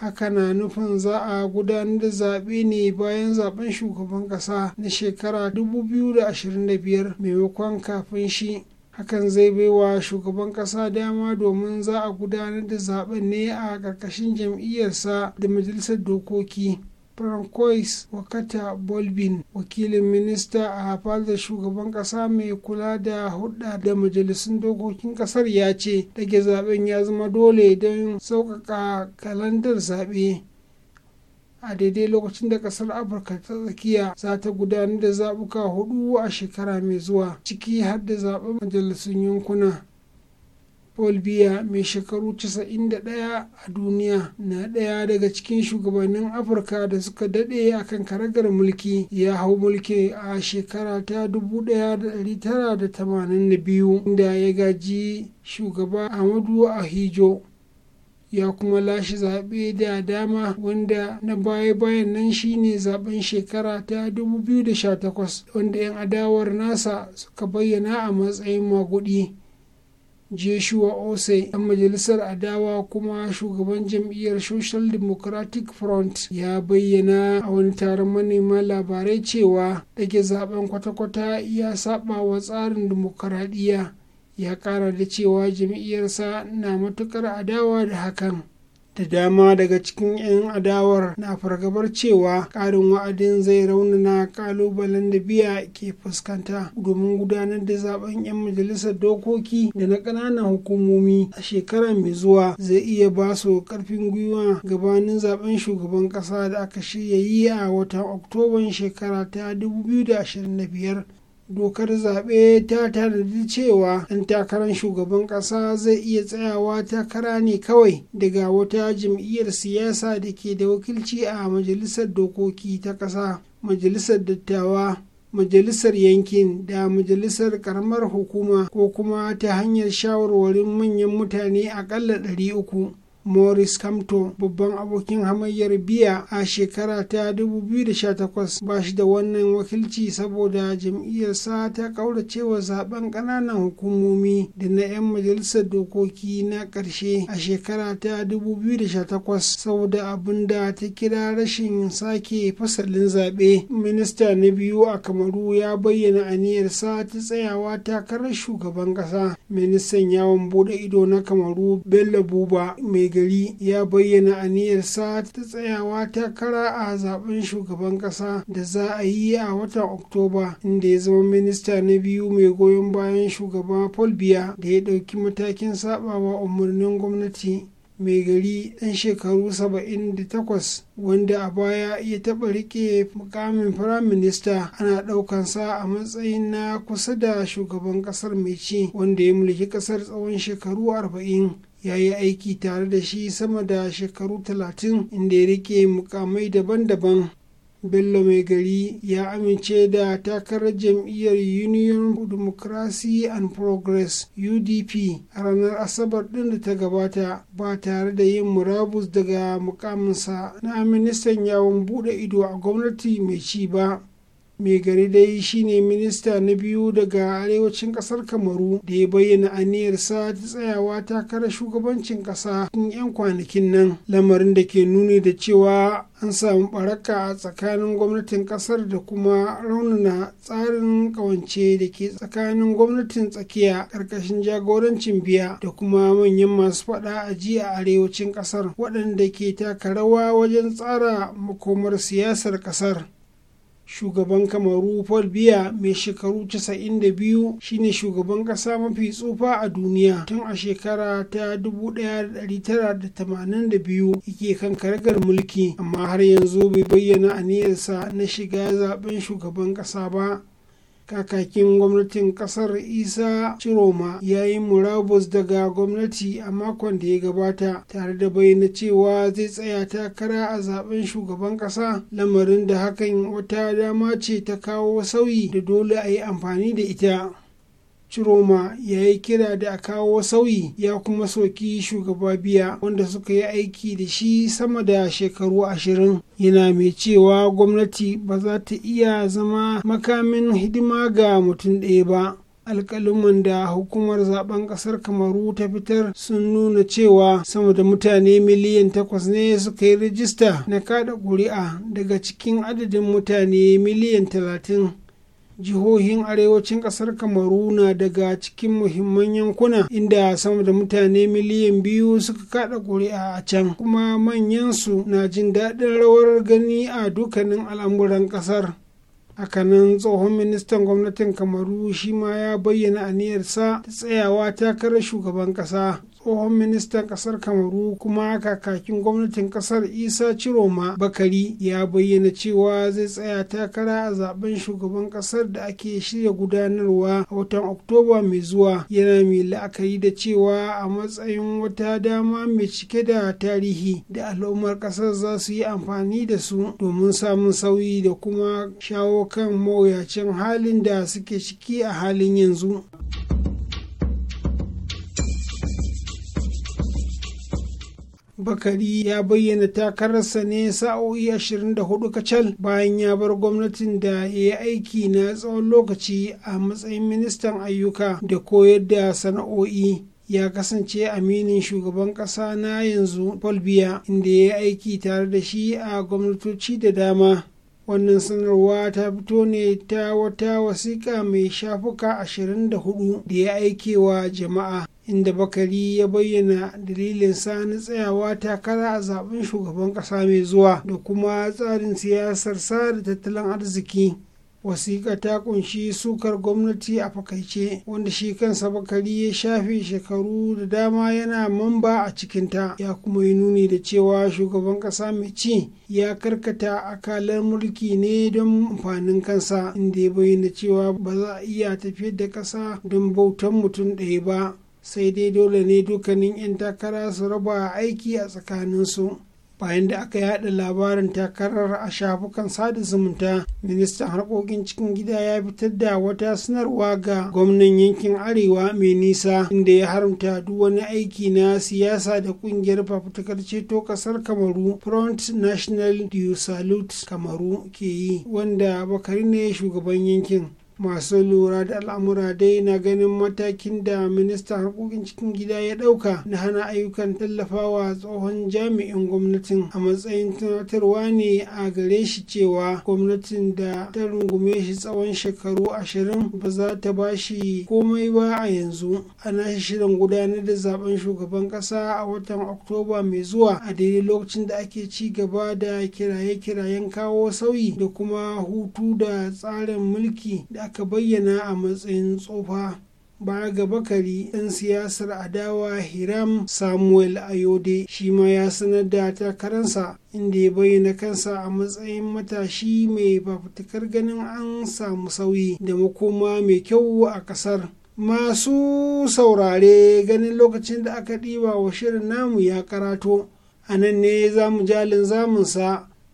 [SPEAKER 12] haka na nufin za a gudanar da zaɓe ne bayan zaben shugaban ƙasa na shekara 2025 maimakon kafin shi hakan zai baiwa shugaban ƙasa dama domin za a gudanar da zaben ne a ƙarƙashin jam'iyyarsa da majalisar dokoki Francois Wakata Bolbin, wakilin minista a fada shugaban kasa mai kula da hudda da majalisun dokokin kasar ya ce dage zaben ya zama dole don sauƙaƙa kalandar zaɓe. a daidai lokacin da kasar afirka ta tsakiya za ta gudanar da zaɓuka hudu a shekara mai zuwa ciki har da zaɓen majalisun yankuna Paul Biya mai shekaru 91 a duniya na ɗaya daga cikin shugabannin Afirka da suka daɗe a kan karagar mulki ya hau mulki a shekara ta 1982 inda ya gaji shugaba Ahmadu Ahijo. ya kuma lashe zaɓe da dama wanda na baya-bayan nan shine zaben shekara ta 2018 wanda 'yan adawar nasa suka bayyana a matsayin magudi Joshua Osei, ɗan majalisar adawa kuma shugaban jam'iyyar Social Democratic Front ya bayyana a wani taron manema labarai cewa ɗage zaben kwata-kwata ya saba wa tsarin dimokuraɗiyya ya ƙara da cewa jam'iyyarsa na matukar adawa da hakan. da dama daga cikin 'yan adawar na fargabar cewa ƙarin wa'adin zai raunana kalubalen da biya ke fuskanta domin gudanar da zaben 'yan majalisar dokoki da na ƙananan hukumomi a shekara mai zuwa zai iya ba su ƙarfin gwiwa gabanin zaben shugaban ƙasa da aka shirya yi a watan oktoban shekara ta 2025 dokar zaɓe ta tanadi cewa ɗan takarar shugaban ƙasa zai iya tsayawa takara ne kawai daga wata jam'iyyar siyasa da ke da wakilci a majalisar dokoki ta ƙasa majalisar dattawa majalisar yankin da majalisar karamar hukuma ko kuma ta hanyar shawarwarin manyan mutane akalla 300 Morris Kamto babban abokin hamayyar biya a shekara ta 2018 ba shi da wannan wakilci saboda jam'iyyarsa ta ƙauracewa zaben ƙananan hukumomi da na 'yan majalisar dokoki na ƙarshe a shekara ta 2018 saboda abin da ta kira rashin sake fasalin zaɓe. Minista na biyu a Kamaru ya bayyana aniyarsa ta tsayawa takarar shugaban ƙasa. Ministan yawon bude ido na Kamaru Bello Buba mai gari ya bayyana aniyarsa ta tsayawa takara a zaben shugaban kasa da za a yi a watan oktoba inda ya zama minista na biyu mai goyon bayan shugaba paul biya da ya ɗauki matakin sabawa umarnin gwamnati mai gari ɗan shekaru 78 wanda a baya ya taɓa riƙe mukamin firaminista ana ɗaukansa a matsayin na kusa da shugaban ƙasar mai ci wanda ya mulki ƙasar tsawon shekaru 40 ya yi aiki tare da shi sama da shekaru talatin inda ya rike mukamai daban-daban bello mai gari ya amince da takarar jam'iyyar union democracy and progress udp a ranar asabar din da ta gabata ba tare da yin murabus daga mukaminsa na ministan yawon bude ido a gwamnati mai ci ba mai gari dai shine minista na biyu daga arewacin kasar kamaru da ya bayyana aniyarsa ta tsayawa takarar shugabancin kasa tun 'yan kwanakin nan lamarin da ke nuni da cewa an samu baraka a tsakanin gwamnatin kasar da kuma raunana tsarin kawance da ke tsakanin gwamnatin tsakiya karkashin jagorancin biya da kuma manyan masu fada a jiya a arewacin kasar waɗanda ke taka rawa wajen tsara makomar siyasar kasar shugaban kamaru paul biya mai shekaru 92 shine shugaban kasa mafi tsufa a duniya tun a shekara ta 1982 yake kan karagar mulki amma har yanzu bai bayyana aniyarsa na shiga zaben shugaban kasa ba kakakin gwamnatin kasar isa ciroma ya yi murabus daga gwamnati a makon da ya gabata tare da bayyana cewa zai tsaya takara a zaben shugaban kasa lamarin da hakan wata dama ce ta kawo sauyi da dole a yi amfani da ita Roma ya yi kira da a kawo sauyi ya kuma soki shugaba biya wanda suka yi aiki da shi sama da shekaru ashirin yana mai cewa gwamnati ba za ta iya zama makamin hidima ga mutum ɗaya ba alkaluman da hukumar zaben ƙasar kamaru ta fitar sun nuna cewa sama da mutane miliyan takwas ne suka yi rijista na kada ƙuri'a daga cikin adadin mutane miliyan talatin jihohin arewacin ƙasar kamaru na daga cikin muhimman yankuna inda sama da mutane miliyan biyu suka kada ƙuri'a a can kuma manyansu na jin daɗin rawar gani a dukkanin al'amuran kasar hakanan tsohon ministan gwamnatin kamaru shi ma ya bayyana aniyarsa ta tsayawa takarar shugaban ƙasa. tsohon ministan kasar kamaru kuma kakakin gwamnatin kasar isa ciroma bakari ya bayyana cewa zai tsaya takara a zaben shugaban kasar da ake shirya gudanarwa a watan oktoba mai zuwa yana mai la'akari da cewa a matsayin wata dama mai cike da tarihi da al'ummar kasar za su yi amfani da su domin samun sauyi da kuma shawo kan mawuyacin halin da suke ciki a halin yanzu. bakari ya bayyana takararsa ne sa'o'i 24 kacal bayan ya bar gwamnatin da ya yi aiki na tsawon lokaci a matsayin ministan ayyuka da koyar da sana'o'i ya kasance aminin shugaban kasa na yanzu paul biya inda ya yi aiki tare da shi a gwamnatoci da dama wannan sanarwa ta fito ne ta wata wasiƙa mai shafuka 24 da ya aike wa jama'a inda bakari ya bayyana dalilinsa na tsayawa takara a zaben shugaban ƙasa mai zuwa da kuma tsarin siyasar sa da tattalin arziki wasiƙa ta kunshi sukar gwamnati a fakaice wanda shi kansa bakari ya shafe shekaru da dama yana mamba a cikinta ya kuma yi nuni da cewa shugaban ƙasa mai ci ya karkata akalar mulki ne don amfanin kansa inda ya bayyana cewa ba za a iya tafiyar da ƙasa don bautan mutum ɗaya ba sai dai dole ne dukkanin 'yan takara su raba aiki a tsakaninsu bayan da aka yada labarin takarar a shafukan sada zumunta ministan harkokin cikin gida ya fitar da wata sanarwa ga gwamnan yankin arewa mai nisa inda ya haramta duk wani aiki na siyasa da kungiyar fafutukar ceto kasar kamaru front national du salute kamaru ke yi wanda bakari ne shugaban yankin masu lura da al'amura dai na ganin matakin da ministan harkokin cikin gida ya dauka na hana ayyukan tallafawa tsohon jami'in gwamnatin a matsayin tunatarwa ne a gare shi cewa gwamnatin da ta rungume shi tsawon shekaru ashirin ba za ta ba shi komai ba a yanzu ana shirin gudanar da zaben shugaban kasa a watan oktoba mai zuwa a daidai lokacin da ake ci gaba da kiraye-kirayen kawo sauyi da kuma hutu da tsarin mulki da aka bayyana a matsayin tsofa baya ga bakari ɗan siyasar adawa hiram samuel ayode shi ma ya sanar da takararsa inda ya bayyana kansa a matsayin matashi mai fafutukar ganin an samu sauyi da makoma mai kyau a ƙasar masu saurare ganin lokacin da aka ɗiba wa shirin namu ya karato a nan ne za mu jalin zamunsa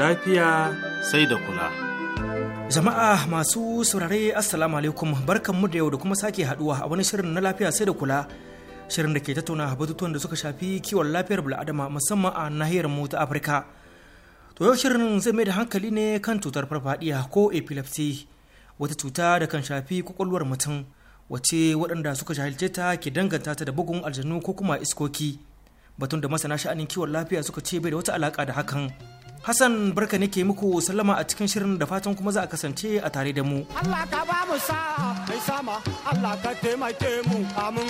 [SPEAKER 13] lafiya sai da kula. Jama'a masu saurare Assalamu alaikum mu da yau da kuma sake haduwa a wani shirin na lafiya sai da kula. Shirin da ke tattauna batutuwan da suka shafi kiwon lafiyar bil'adama musamman a nahiyar mu ta Afirka. To yau shirin zai mai da hankali ne kan cutar farfadiya ko epilepsy wata cuta da kan shafi kwakwalwar mutum wace waɗanda suka jahilce ta ke danganta ta da bugun aljanu ko kuma iskoki batun da masana sha'anin kiwon lafiya suka ce bai da wata alaka da hakan. Hassan barka nake muku sallama a cikin shirin da fatan kuma za a kasance a tare da mu.
[SPEAKER 10] Allah ka
[SPEAKER 1] ba mu sa'a mai sama Allah ka taimake mu amin.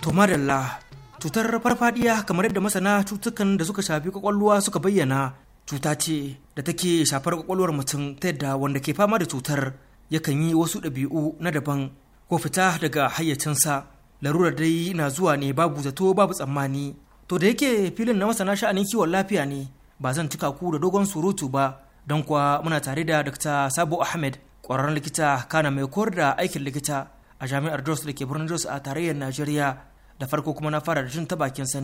[SPEAKER 13] To madalla cutar farfadiya kamar yadda masana cutukan da suka shafi kwakwalwa suka bayyana cuta ce da take shafar kwakwalwar mutum ta yadda wanda ke fama da cutar yakan yi wasu ɗabi'u na daban ko fita daga hayyacinsa larurar dai na zuwa ne babu zato babu tsammani To da yake filin na masana sha'anin kiwon lafiya ne ba zan cika ku da dogon surutu ba don kuwa muna tare da Dr. Sabo Ahmed ƙwararren likita kana mai koyar da aikin likita a jami'ar Jos da ke birnin Jos a tarayyar Najeriya da farko kuma na fara da jin ta bakin sa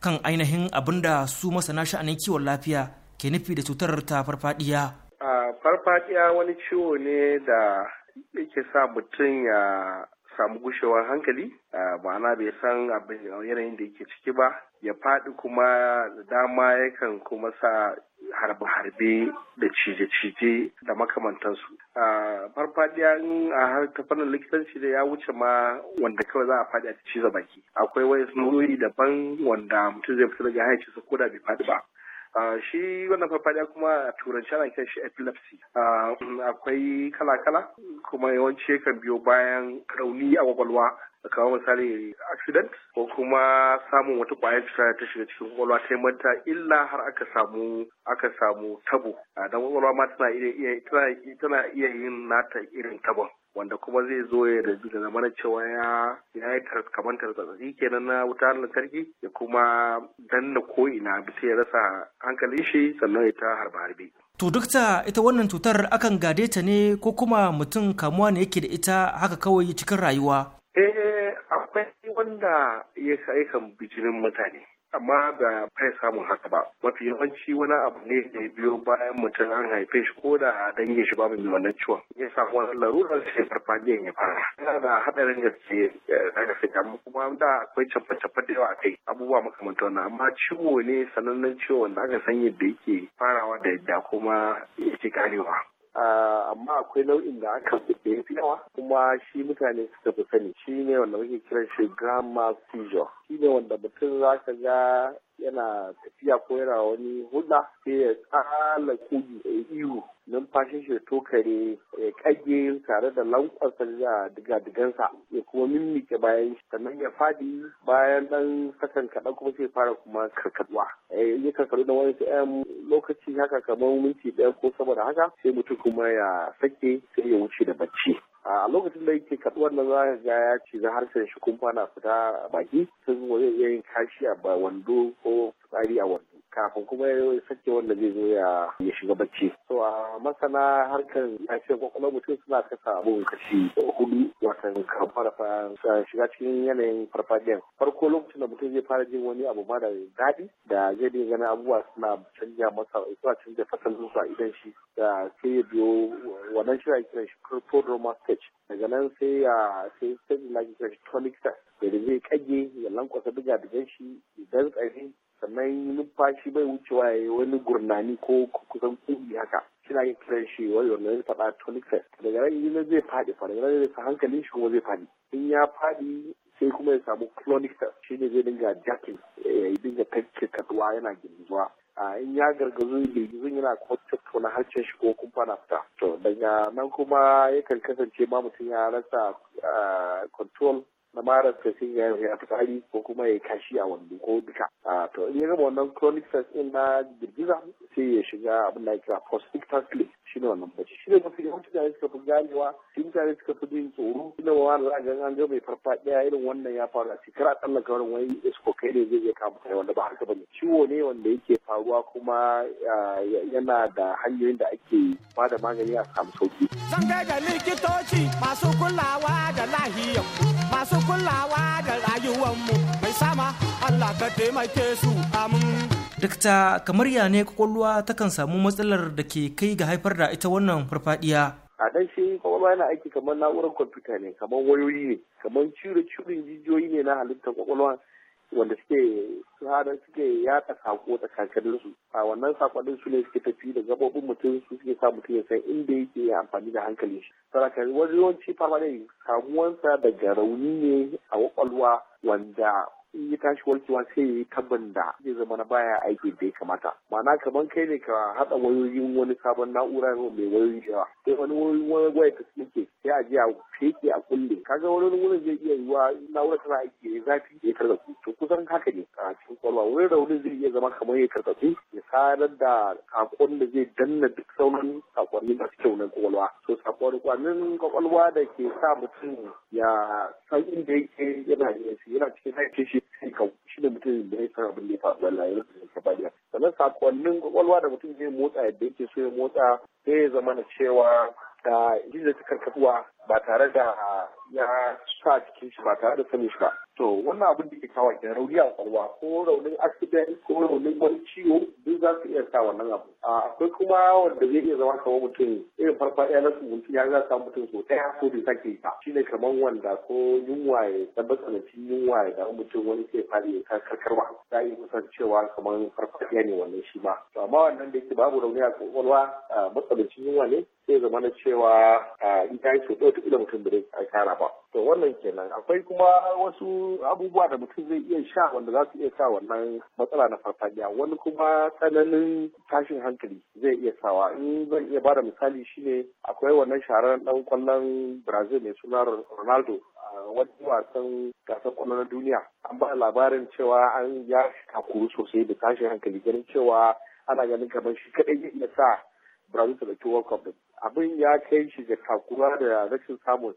[SPEAKER 13] kan ainihin abin da su masana sha'anin kiwon lafiya ke nufi da cutar ta farfadiya.
[SPEAKER 14] farfadiya wani ciwo ne da yake sa mutum ya samu gushewar hankali ma'ana bai san abin yanayin da yake ciki ba ya faɗi kuma dama yakan kuma sa harbe-harbe da cije-cije da makamantansu farfadiya a har ta fannin likitanci da ya wuce ma wanda kawai za a faɗi a ciza baki akwai wani sunuri daban wanda mutum zai fita daga haici ko da bai faɗi ba shi wannan farfadiya kuma a turanci ana kiran shi epilepsy akwai kala-kala kuma yawanci yakan biyo bayan rauni a kwakwalwa kamar misali accident ko kuma samun wata kwayar cuta ta shiga cikin kwakwalwa ta manta illa har aka samu aka samu tabo dan kwakwalwa ma iya tana iya yin nata irin tabon wanda kuma zai zo ya da zamana cewa ya ya yi kaman tarzatsatsi kenan na wutar lantarki ya kuma danna ko ina bisa ya rasa hankali shi sannan ya harba harbe.
[SPEAKER 13] To dukta ita wannan cutar akan gade ta ne ko kuma mutum kamuwa ne yake da ita haka kawai cikin rayuwa?
[SPEAKER 14] Eh akwai wanda ya kan bijirin mutane amma ba fai samun haka ba mafi yawanci wani abu ne da ya biyo bayan mutum an haife shi ko da dan yi shi babu wannan ciwon ya samu wani larurar sai farfajiyan ya fara yana da haɗarin gaske eh, daga fita amma kuma da akwai cafa-cafa da yawa a kai abubuwa makamantar wannan amma ciwo ne sanannen ciwo da aka sanya da yake farawa da yadda kuma yake karewa amma akwai nau'in da aka fi yawa kuma shi mutane suka fi sani shi ne wanda muke kiran shi grandma seizure shi ne wanda mutum za ka ga yana tafiya ko yana wani hulɗa sai ya tsala kugi ihu numfashin shi tokare ya eh, kage tare da lankwasa da diga-digansa ya kuma mimmike bayan shi sannan ya fadi bayan dan sakan kaɗan kuma sai fara kuma karkaduwa eh, ya karkaru da wani yan lokaci haka kamar minti ɗaya ko sama haka sai mutum kuma ya sake sai ya wuce da bacci a lokacin da yake kaduwar na za ga ya ce za harshen shi kuma na fita baki sun zai iya yin kashi a wando ko tsari a wando kafin kuma ya sake wanda zai zo ya Ya shiga bacci so a masana harkar lafiyar kwakwalwar mutum suna kasa abun kashi hudu watan farfa shiga cikin yanayin farfadiyan farko lokacin da mutum zai fara jin wani abu mara daɗi da zai dinga ganin abubuwa suna canja masa suna canja fasalin su idan shi da sai ya biyo wannan shi ake kiran shi prodromal stage daga nan sai ya sai stage na kiran shi tonic stage da zai kage ya lankwasa diga digan shi idan tsari sannan numfashi bai wucewa ya yi wani gurnani ko kusan kubi haka shi na yin kiran shi wani wannan ya faɗa tonic fest daga nan zai faɗi faɗi daga nan zai hankalin shi kuma zai faɗi in ya faɗi sai kuma ya samu clonic fest shi ne zai dinga jakin eh, ya yi dinga tanke kaduwa yana girgizuwa a in ya gargazu girgizun yana kuma tattauna harshen shi ko kumfa na fita to daga nan kuma yakan kasance ma mutum ya rasa eh, control na marar fesin ya yi fitsari ko kuma ya kashi a wando ko duka a to in ya gaba wannan chronic stress din na girgiza sai ya shiga abin da kira post-ictal sleep shi ne wannan bacci shi ne mafi yawanci jari suka fi ganewa shi mutane suka fi jin tsoro shi ne wani za a ga an ga mai farfaɗiya irin wannan ya faru a cikin a tsallaka wani wani isko kai ne zai iya kama kai wanda ba haka ne ciwo ne wanda yake faruwa kuma yana da hanyoyin da ake ba da magani a samu sauki.
[SPEAKER 1] Zan kai da likitoci masu kulawa da lahiyar masu kulawa da rayuwanmu mai sama Allah ka taimake su amin.
[SPEAKER 13] Dakta kamar ya ne kwakwalwa takan samu matsalar da ke kai ga haifar da ita wannan farfadiya. A ɗan shi
[SPEAKER 14] kwakwalwa yana aiki kamar na'urar kwamfuta ne, kamar wayoyi ne, kamar cire cirin jijiyoyi ne na halittar kwakwalwa wanda suke hada suke yada sako tsakankanin su a wannan saƙonin su ne suke tafi da gabobin mutum su suke sa mutum ya san inda yake ya amfani da hankali shi saraka wani yawanci fama ne samuwansa daga rauni ne a kwakwalwa wanda in ya tashi warkewa sai ya yi taban da zai zama na baya aiki da ya kamata ma'ana kamar kai ne ka haɗa wayoyin wani sabon na'ura mai wayoyi da yawa sai wani wani waya ta suke sai a je a feke a kulle kaga wani wurin zai iya yiwa na'ura tana aiki ya zafi ya tarzaku to kusan haka ne a cikin kwalwa wani raunin zai iya zama kamar ya tarzaku ya sadar da kakon da zai danna duk sauran sakonni masu kyau na kwakwalwa so sakonnin kwakwalwa da ke sa mutum ya san inda yake yana yana cikin haifin kai ka shi da mutum da ya san abin da ya faru da ya rasa bariya sannan sakonnin kwakwalwa da mutum zai motsa yadda yake so ya motsa sai ya zama na cewa da ah, jin da karkatuwa ba tare da ya sa cikin shi ba tare da sani shi ba to wannan abin da ke kawo ke rauni a kwalwa ko raunin accident ko raunin wani ciwo duk za su iya sa wannan abu akwai kuma wanda zai iya zama kamar mutum irin farfaɗiya na na mutum ya za mutum so ɗaya ko bai sake ba shine kamar wanda ko yunwa ya tabbata da cin yunwa ya da mutum wani ke fari ya ba. za a yi kusan cewa kamar farfaɗiya ne wannan shi ma to amma wannan da yake babu rauni a kwakwalwa matsalancin yunwa ne sai zama na cewa in ta yi so wataƙila mutum bai a kara ba to wannan kenan akwai kuma wasu abubuwa da mutum zai iya sha wanda za su iya sa wannan matsala na farfadiya wani kuma tsananin tashin hankali zai iya sawa in zan iya bada misali shine akwai wannan shahararren dan kwallon brazil mai suna ronaldo wani wasan gasar kwallo na duniya an ba labarin cewa an ya takuru sosai da tashin hankali ganin cewa ana ganin kamar shi kadai zai iya sa brazil ta dauki world cup abin ya kai shi ga takura da rashin samun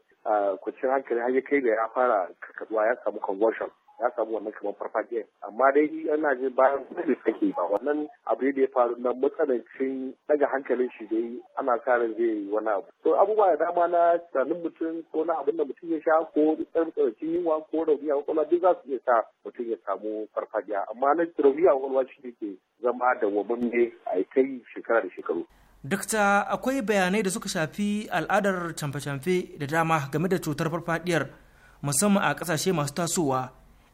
[SPEAKER 14] kwacin hankali har ya kai da ya fara kakaduwa ya samu convulsion ya samu wannan kamar farfajiya amma dai ana jin bayan da take ba wannan abu da ya faru na matsanancin daga hankalin shi dai ana sa ran zai yi wani abu to abubuwa da dama na tunanin mutum ko na abin da mutum ya sha ko tsarkakacin yunwa ko rauni a kwakwalwa duk za su iya sa mutum ya samu farfajiya amma na rauni a kwakwalwa shi ne ke zama da wamanne a kai shekara da shekaru
[SPEAKER 13] dakta akwai bayanai da suka shafi al'adar camfe-camfe da dama game da cutar farfadiyar musamman a kasashe masu tasowa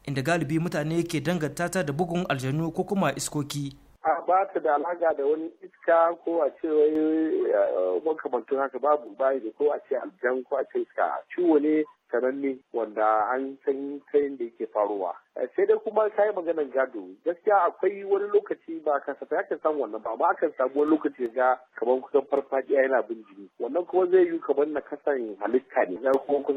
[SPEAKER 13] inda galibi mutane ke dangata ta da bugun aljanu ko kuma iskoki
[SPEAKER 14] a ba ta da alaka da wani iska ko a ce wai eh, makamantun haka babu bayi da ko a ce aljan ko a ce iska ciwo ne sananne wanda an san kayan da yake faruwa Eh, sai dai kuma ka yi maganar gado gaskiya akwai wani lokaci ba kasafai ya samu wannan ba amma akan samu wani lokaci ga kamar kusan farfadiya yana bin jini wannan kuma zai yi kamar na kasan halitta ne za kuma ka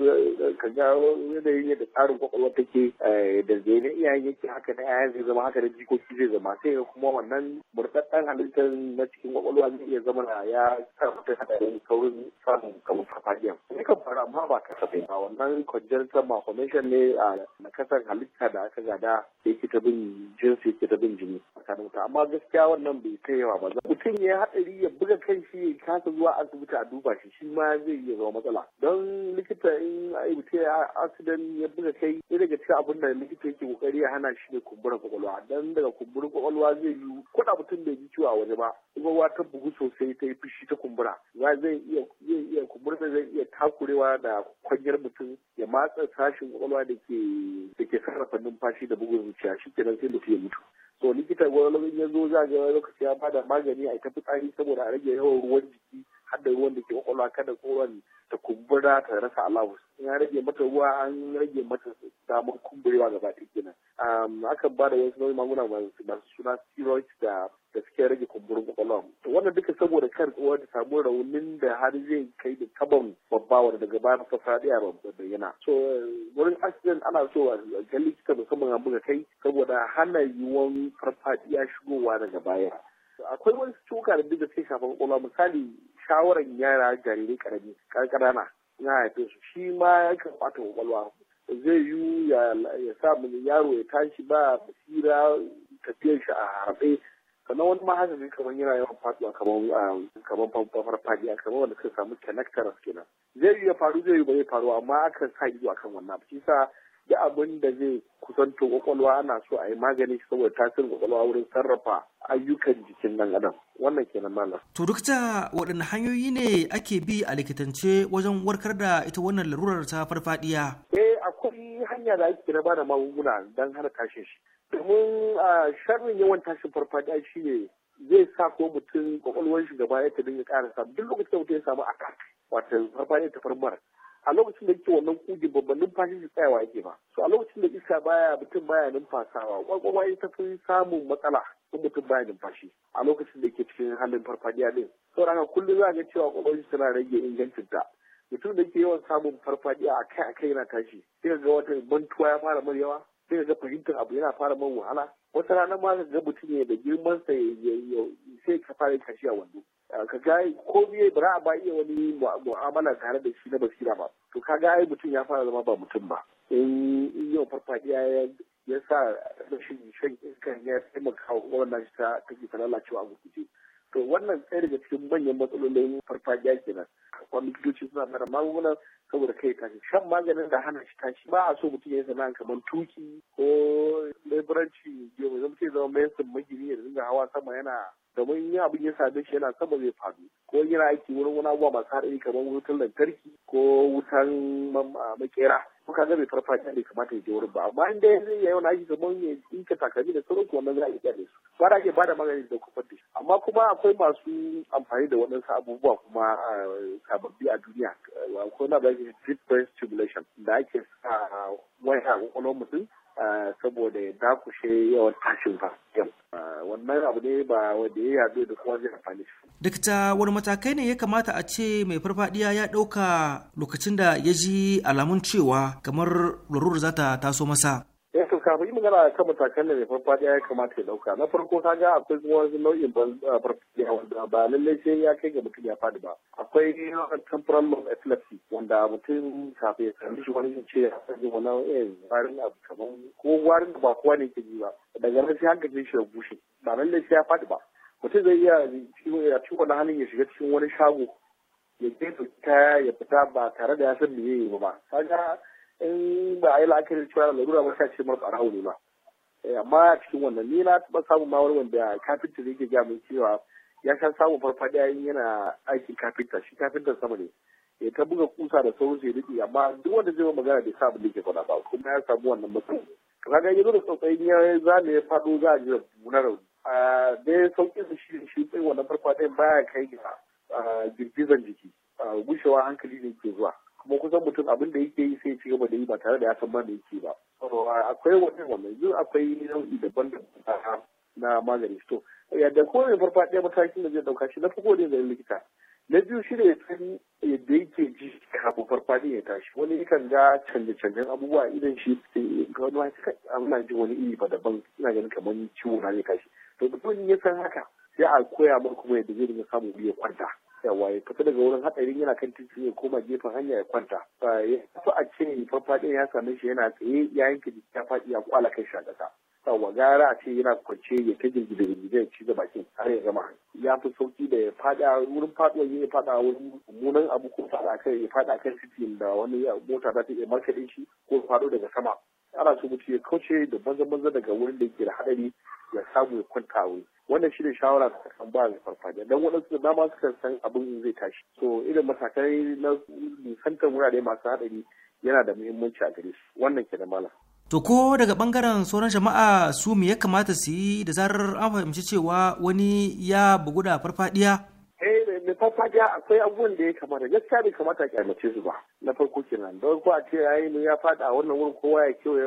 [SPEAKER 14] ga yanayin da tsarin kwakwalwa take eh, da zai na iyayen yake haka na iyayen zai zama haka da jikoki zai zama sai kuma wannan murɗaɗɗen halittar na cikin kwakwalwa zai iya zama ya sa mutum haɗarin saurin samun kamar farfadiya. kan fara amma ba kasafai ba wannan congenital malformation ne a ah, na kasan halitta da ka gada yake ta bin jinsi yake ta bin jini tsakanin ta amma gaskiya wannan bai kai yawa ba mutum ya haɗari ya buga kan shi ya kasa zuwa asibiti a duba shi shi ma zai iya zama matsala don likita in mutum ya asidan ya buga kai sai daga cikin abin da likita yake kokari ya hana shi ne kumburin kwakwalwa dan daga kumburin kwakwalwa zai yi da mutum bai ji ciwo a waje ba kwakwalwa ta bugu sosai ta yi fushi ta kumbura za zai iya zai iya kumburin zai iya takurewa da kwanyar mutum ya matsa sashin kwakwalwa da ke da ke sarrafa numfashi da bugun zuciya shi nan sai da ya mutu so likita gwamnati ya zo za ga lokaci ya bada magani a ita fitsari saboda a rage yawan ruwan jiki har da ruwan da ke kwakwalwa kada kowan ta kumbura ta rasa alawus in ya rage mata ruwa an rage mata damar kumburewa gaba ɗaya kenan akan ba da wasu nau'in magunguna masu suna steroids da da suke rage kumburin kwakwalwa to wannan duka saboda kar uwa ta samu raunin da har zai kai da taban babba wanda daga baya ta fadiya ba bayyana so wurin accident ana so a ga likita musamman an buga kai saboda hana yiwuwar farfadiya shigowa daga baya akwai wani cuka da duka sai suke shafa kwakwalwa misali shawaran yara jarirai karami karkarana na haife su shi ma kan ɓata kwakwalwa zai yi ya sa yaro ya tashi ba basira tafiyar shi a harfe sannan wani mahasabin kamar yana yawan a kamar um, kamar farfadiya kamar wanda suka samu connectors kenan zai ya faru zai yi ba zai faru amma akan sa ido akan wannan shi sa da abin da zai kusanto kwakwalwa ana so a yi magani saboda tasirin kwakwalwa wurin sarrafa ayyukan jikin nan adam wannan kenan malam
[SPEAKER 13] to duk waɗanne hanyoyi ne ake bi a likitance wajen warkar da ita wannan larurar ta farfadiya
[SPEAKER 14] eh akwai hanya da ake na bada magunguna don hana tashin shi domin a sharrin yawan tashin farfadiya shi ne zai sa ko mutum kwakwalwar shi gaba ya ta dinga ƙara samu duk lokacin da mutum ya samu aka wato farfadiya ta farmar a lokacin da yake wannan kugin babban numfashi shi tsayawa yake ba so a lokacin da iska baya mutum baya numfasawa kwakwalwa ita fi samun matsala in mutum baya numfashi a lokacin da yake cikin halin farfadiya din saboda haka kullum za ga cewa kwakwalwar shi tana rage ingancin ta mutum da yake yawan samun farfadiya akai-akai yana tashi sai ga wata bantuwa ya fara mar yawa sai ga fahimtar abu yana fara man wahala wata ranar ma ga mutum ne da girman sa sai ka fara kashi a wando ka ga ko biye ba a ba iya wani mu'amala tare da shi na basira ba to ka ga mutum ya fara zama ba mutum ba in yau farfadiya ya ya sa rashin shan iska ya taimaka wa wannan ta take ta lalacewa a gurguje to wannan ɗaya daga cikin manyan matsalolin farfajiya kenan akwai likitoci suna mara magunguna saboda kai tashi shan maganin da hana shi tashi ba a so mutum ya sana'a kamar tuki ko leburanci mai zama ce zama mai sun magini ya dinga hawa sama yana domin yin abin ya same shi yana sama zai faɗi ko yana aiki wurin wani abubuwa masu haɗari kamar wutan lantarki ko wutan um, makera kuka ga bai farfaɗiya ne kamata ya je wurin ba amma in dai zai yayi wani aiki kamar ya ka takalmi da sauransu wannan za a iya da su ba da ake da magani da kufar da amma kuma akwai masu amfani da waɗansu abubuwa kuma eh, sababbi a duniya akwai eh, na bayan deep brain stimulation da ake sa eh, waya a kwakwalwar mutum saboda ya dakushe yawan tashin ba wannan abu ne ba wanda ya yaɗu da kuma zai amfani shi.
[SPEAKER 13] Dakta wani matakai ne ya kamata a ce mai farfadiya ya ɗauka lokacin da ya ji alamun cewa kamar larurar za ta taso masa.
[SPEAKER 14] eh to yi magana kan matakan da mai farfadiya ya kamata ya dauka na farko ka ga akwai kuma wani nau'in eh, farfadiya wanda ba lallai sai ya kai ga mutum ya fadi ba akwai temporal lobe epilepsy wanda mutum kafin ya sami shi wani ce ya sani wani irin eh, warin abu kamar ko warin da ba kowa ne ke ji ba daga nan sai hankalin shi ya bushe ba lallai sai ya fadi ba mutum zai iya ya ciwo na hannun ya shiga cikin wani shago ya je ta ya fita ba tare da ya san me ya yi ba ka ga in ba a yi la'akari cewa lalura ba sai ce mara ne ba eh, amma a cikin wannan ni na taɓa samun ma wani wanda kafinta zai ke min cewa ya sha samun farfaɗiya in yana aikin kafinta shi kafinta sama ne ya ta buga kusa da sauran sai riƙe amma duk wanda zai magana bai sa abin da ke faɗa ba kuma ya samu wannan mutum kaga ya zo da tsautsayi ya zane ya faɗo za a ji na rauni da ya sauƙi su shi shi tsaye wannan farfaɗiyan baya kai ga girgizan jiki gushewa hankali ne ke zuwa kuma kusan mutum abin da yake yi sai ya ci gaba da yi ba tare da ya san da yake ba oh. akwai wani wannan yanzu akwai nau'i daban na magani to yadda kowane farfaɗiya matakin da zai ɗauka shi na farko ne da likita na biyu shi ne ya san yadda yake ji kafin farfaɗi ya tashi wani yakan ga canje-canjen abubuwa idan shi eh, ga wani kai ana jin wani iri ba daban ina ganin kamar ciwo na ne tashi to duk wani ya san haka sai a koya ma kuma yadda zai dinga samun biyan kwanta yawa ya fita daga wurin hadarin yana kan titi ya koma gefen hanya ya kwanta ya fi a ce farfaɗin ya same shi yana tsaye ya yanke jiki ya faɗi ya kwala kai shi a ƙasa yawa gara a ce yana kwance ya ta girgida girgida ya ci bakin har ya gama ya fi sauki da ya faɗa wurin faɗuwar ya faɗa wurin mummunan abu ko faɗa kan ya faɗa kan titi da wani mota za ta iya markaɗe shi ko faɗo daga sama ana so mutum ya kauce da banza-banza daga wurin da yake da haɗari ya samu ya kwanta wuri wannan shi ne shawara da kan ba da farfajiya dan waɗansu da dama sukan san abin zai tashi so irin matakai na nisantar wurare masu haɗari yana da muhimmanci a gare su wannan ke da mala.
[SPEAKER 13] To ko daga bangaren sauran jama'a su me ya kamata su yi da zarar an fahimci cewa wani ya bugu da farfadiya?
[SPEAKER 14] Eh mai farfadiya akwai abubuwan da ya kamata gaskiya bai kamata a kyamace su ba
[SPEAKER 13] na farko kenan
[SPEAKER 14] da ko a ce yayi mu ya fada a wannan wurin kowa ya kewa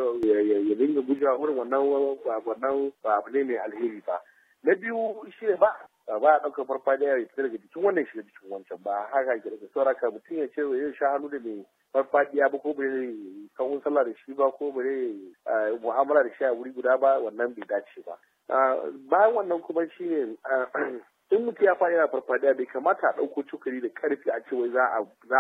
[SPEAKER 14] ya dinga gujewa wurin wannan wannan ba abu ne mai alheri ba na biyu shi ne ba ba a ɗaukar farfadiya ya fita daga jikin wannan shi jikin wancan ba haka ke daga ka mutum ya ce ya sha hannu da mai farfadiya ba ko bare kawun sallah da shi ba ko bare eh, mu'amala da shi a wuri guda ba wannan bai dace ba ah, bayan wannan kuma shi ne ah, in mutum ya fara yana farfadiya bai kamata a ɗauko cokali da karfi a ce wai za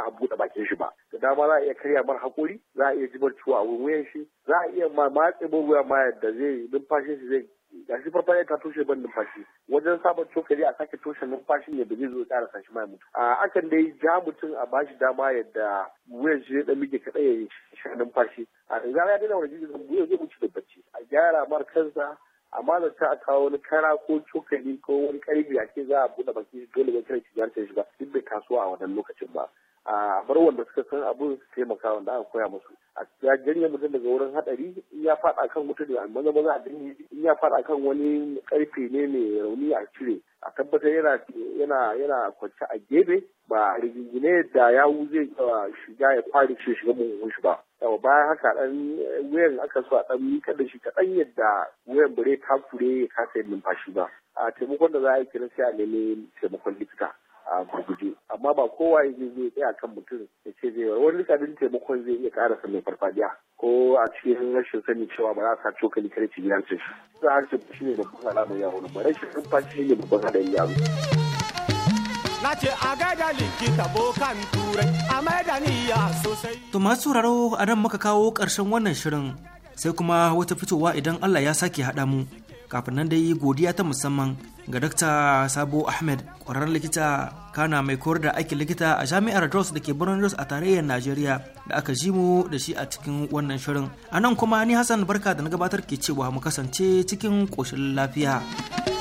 [SPEAKER 14] a buɗe bakin shi ba da dama za a iya karya mar hakori, za a iya jibar ciwo a wuyan shi za a iya matse ruwa ma yadda zai numfashin shi zai ga shi ya ta toshe ban numfashi wajen sabon cokali a sake toshe numfashin yadda zai zo ƙara sashi mai mutu a akan dai ja mutum a bashi dama yadda wuyan shi ɗan mike kaɗai ya yi sha numfashi a zara ya daina wani jirgin wuyan zai wuce da bacci a gyara mar kansa a da ta kawo wani kara ko cokali ko wani ƙarfi a ke za a buɗe baki dole ba kiran shi shi ba duk bai kasuwa a wannan lokacin ba a bar wanda suka san abun su taimaka wanda aka koya musu a ya janye mutum daga wurin hadari in ya fada kan wuta da maza maza a janye in ya fada kan wani karfe ne mai rauni a cire a tabbatar yana yana yana kwance a gebe. ba rigingine da yawu zai shiga ya kwari shi shiga mun shi ba yawa bayan haka dan wayan aka so a dan mika da shi kaɗan yadda wayan bare ta fure ya sai numfashi ba a taimakon da za a yi kira sai a nemi taimakon likita a gurguje amma ba kowa ya zai tsaya kan mutum ya ce zai wani likadin taimakon zai iya karasa mai farfadiya ko a cikin rashin sani cewa ba za a sa cokali kare ci gidan cin za a ce shi ne babban alamar yaro ba rashin numfashi shi ne babban hadarin yaro.
[SPEAKER 13] na ce a gaida likita bokan turai a maida niyya sosai. to masu sauraro a nan muka kawo ƙarshen wannan shirin sai kuma wata fitowa idan Allah ya sake haɗa mu. kafin nan dai godiya ta musamman ga Dr. Sabo Ahmed ƙwararren likita kana mai koyar da aikin likita a jami'ar Jos da ke birnin Jos a tarayyar Najeriya da aka ji mu da shi a cikin wannan shirin. A nan kuma ni Hassan Barka da na gabatar ke cewa mu kasance cikin ƙoshin lafiya.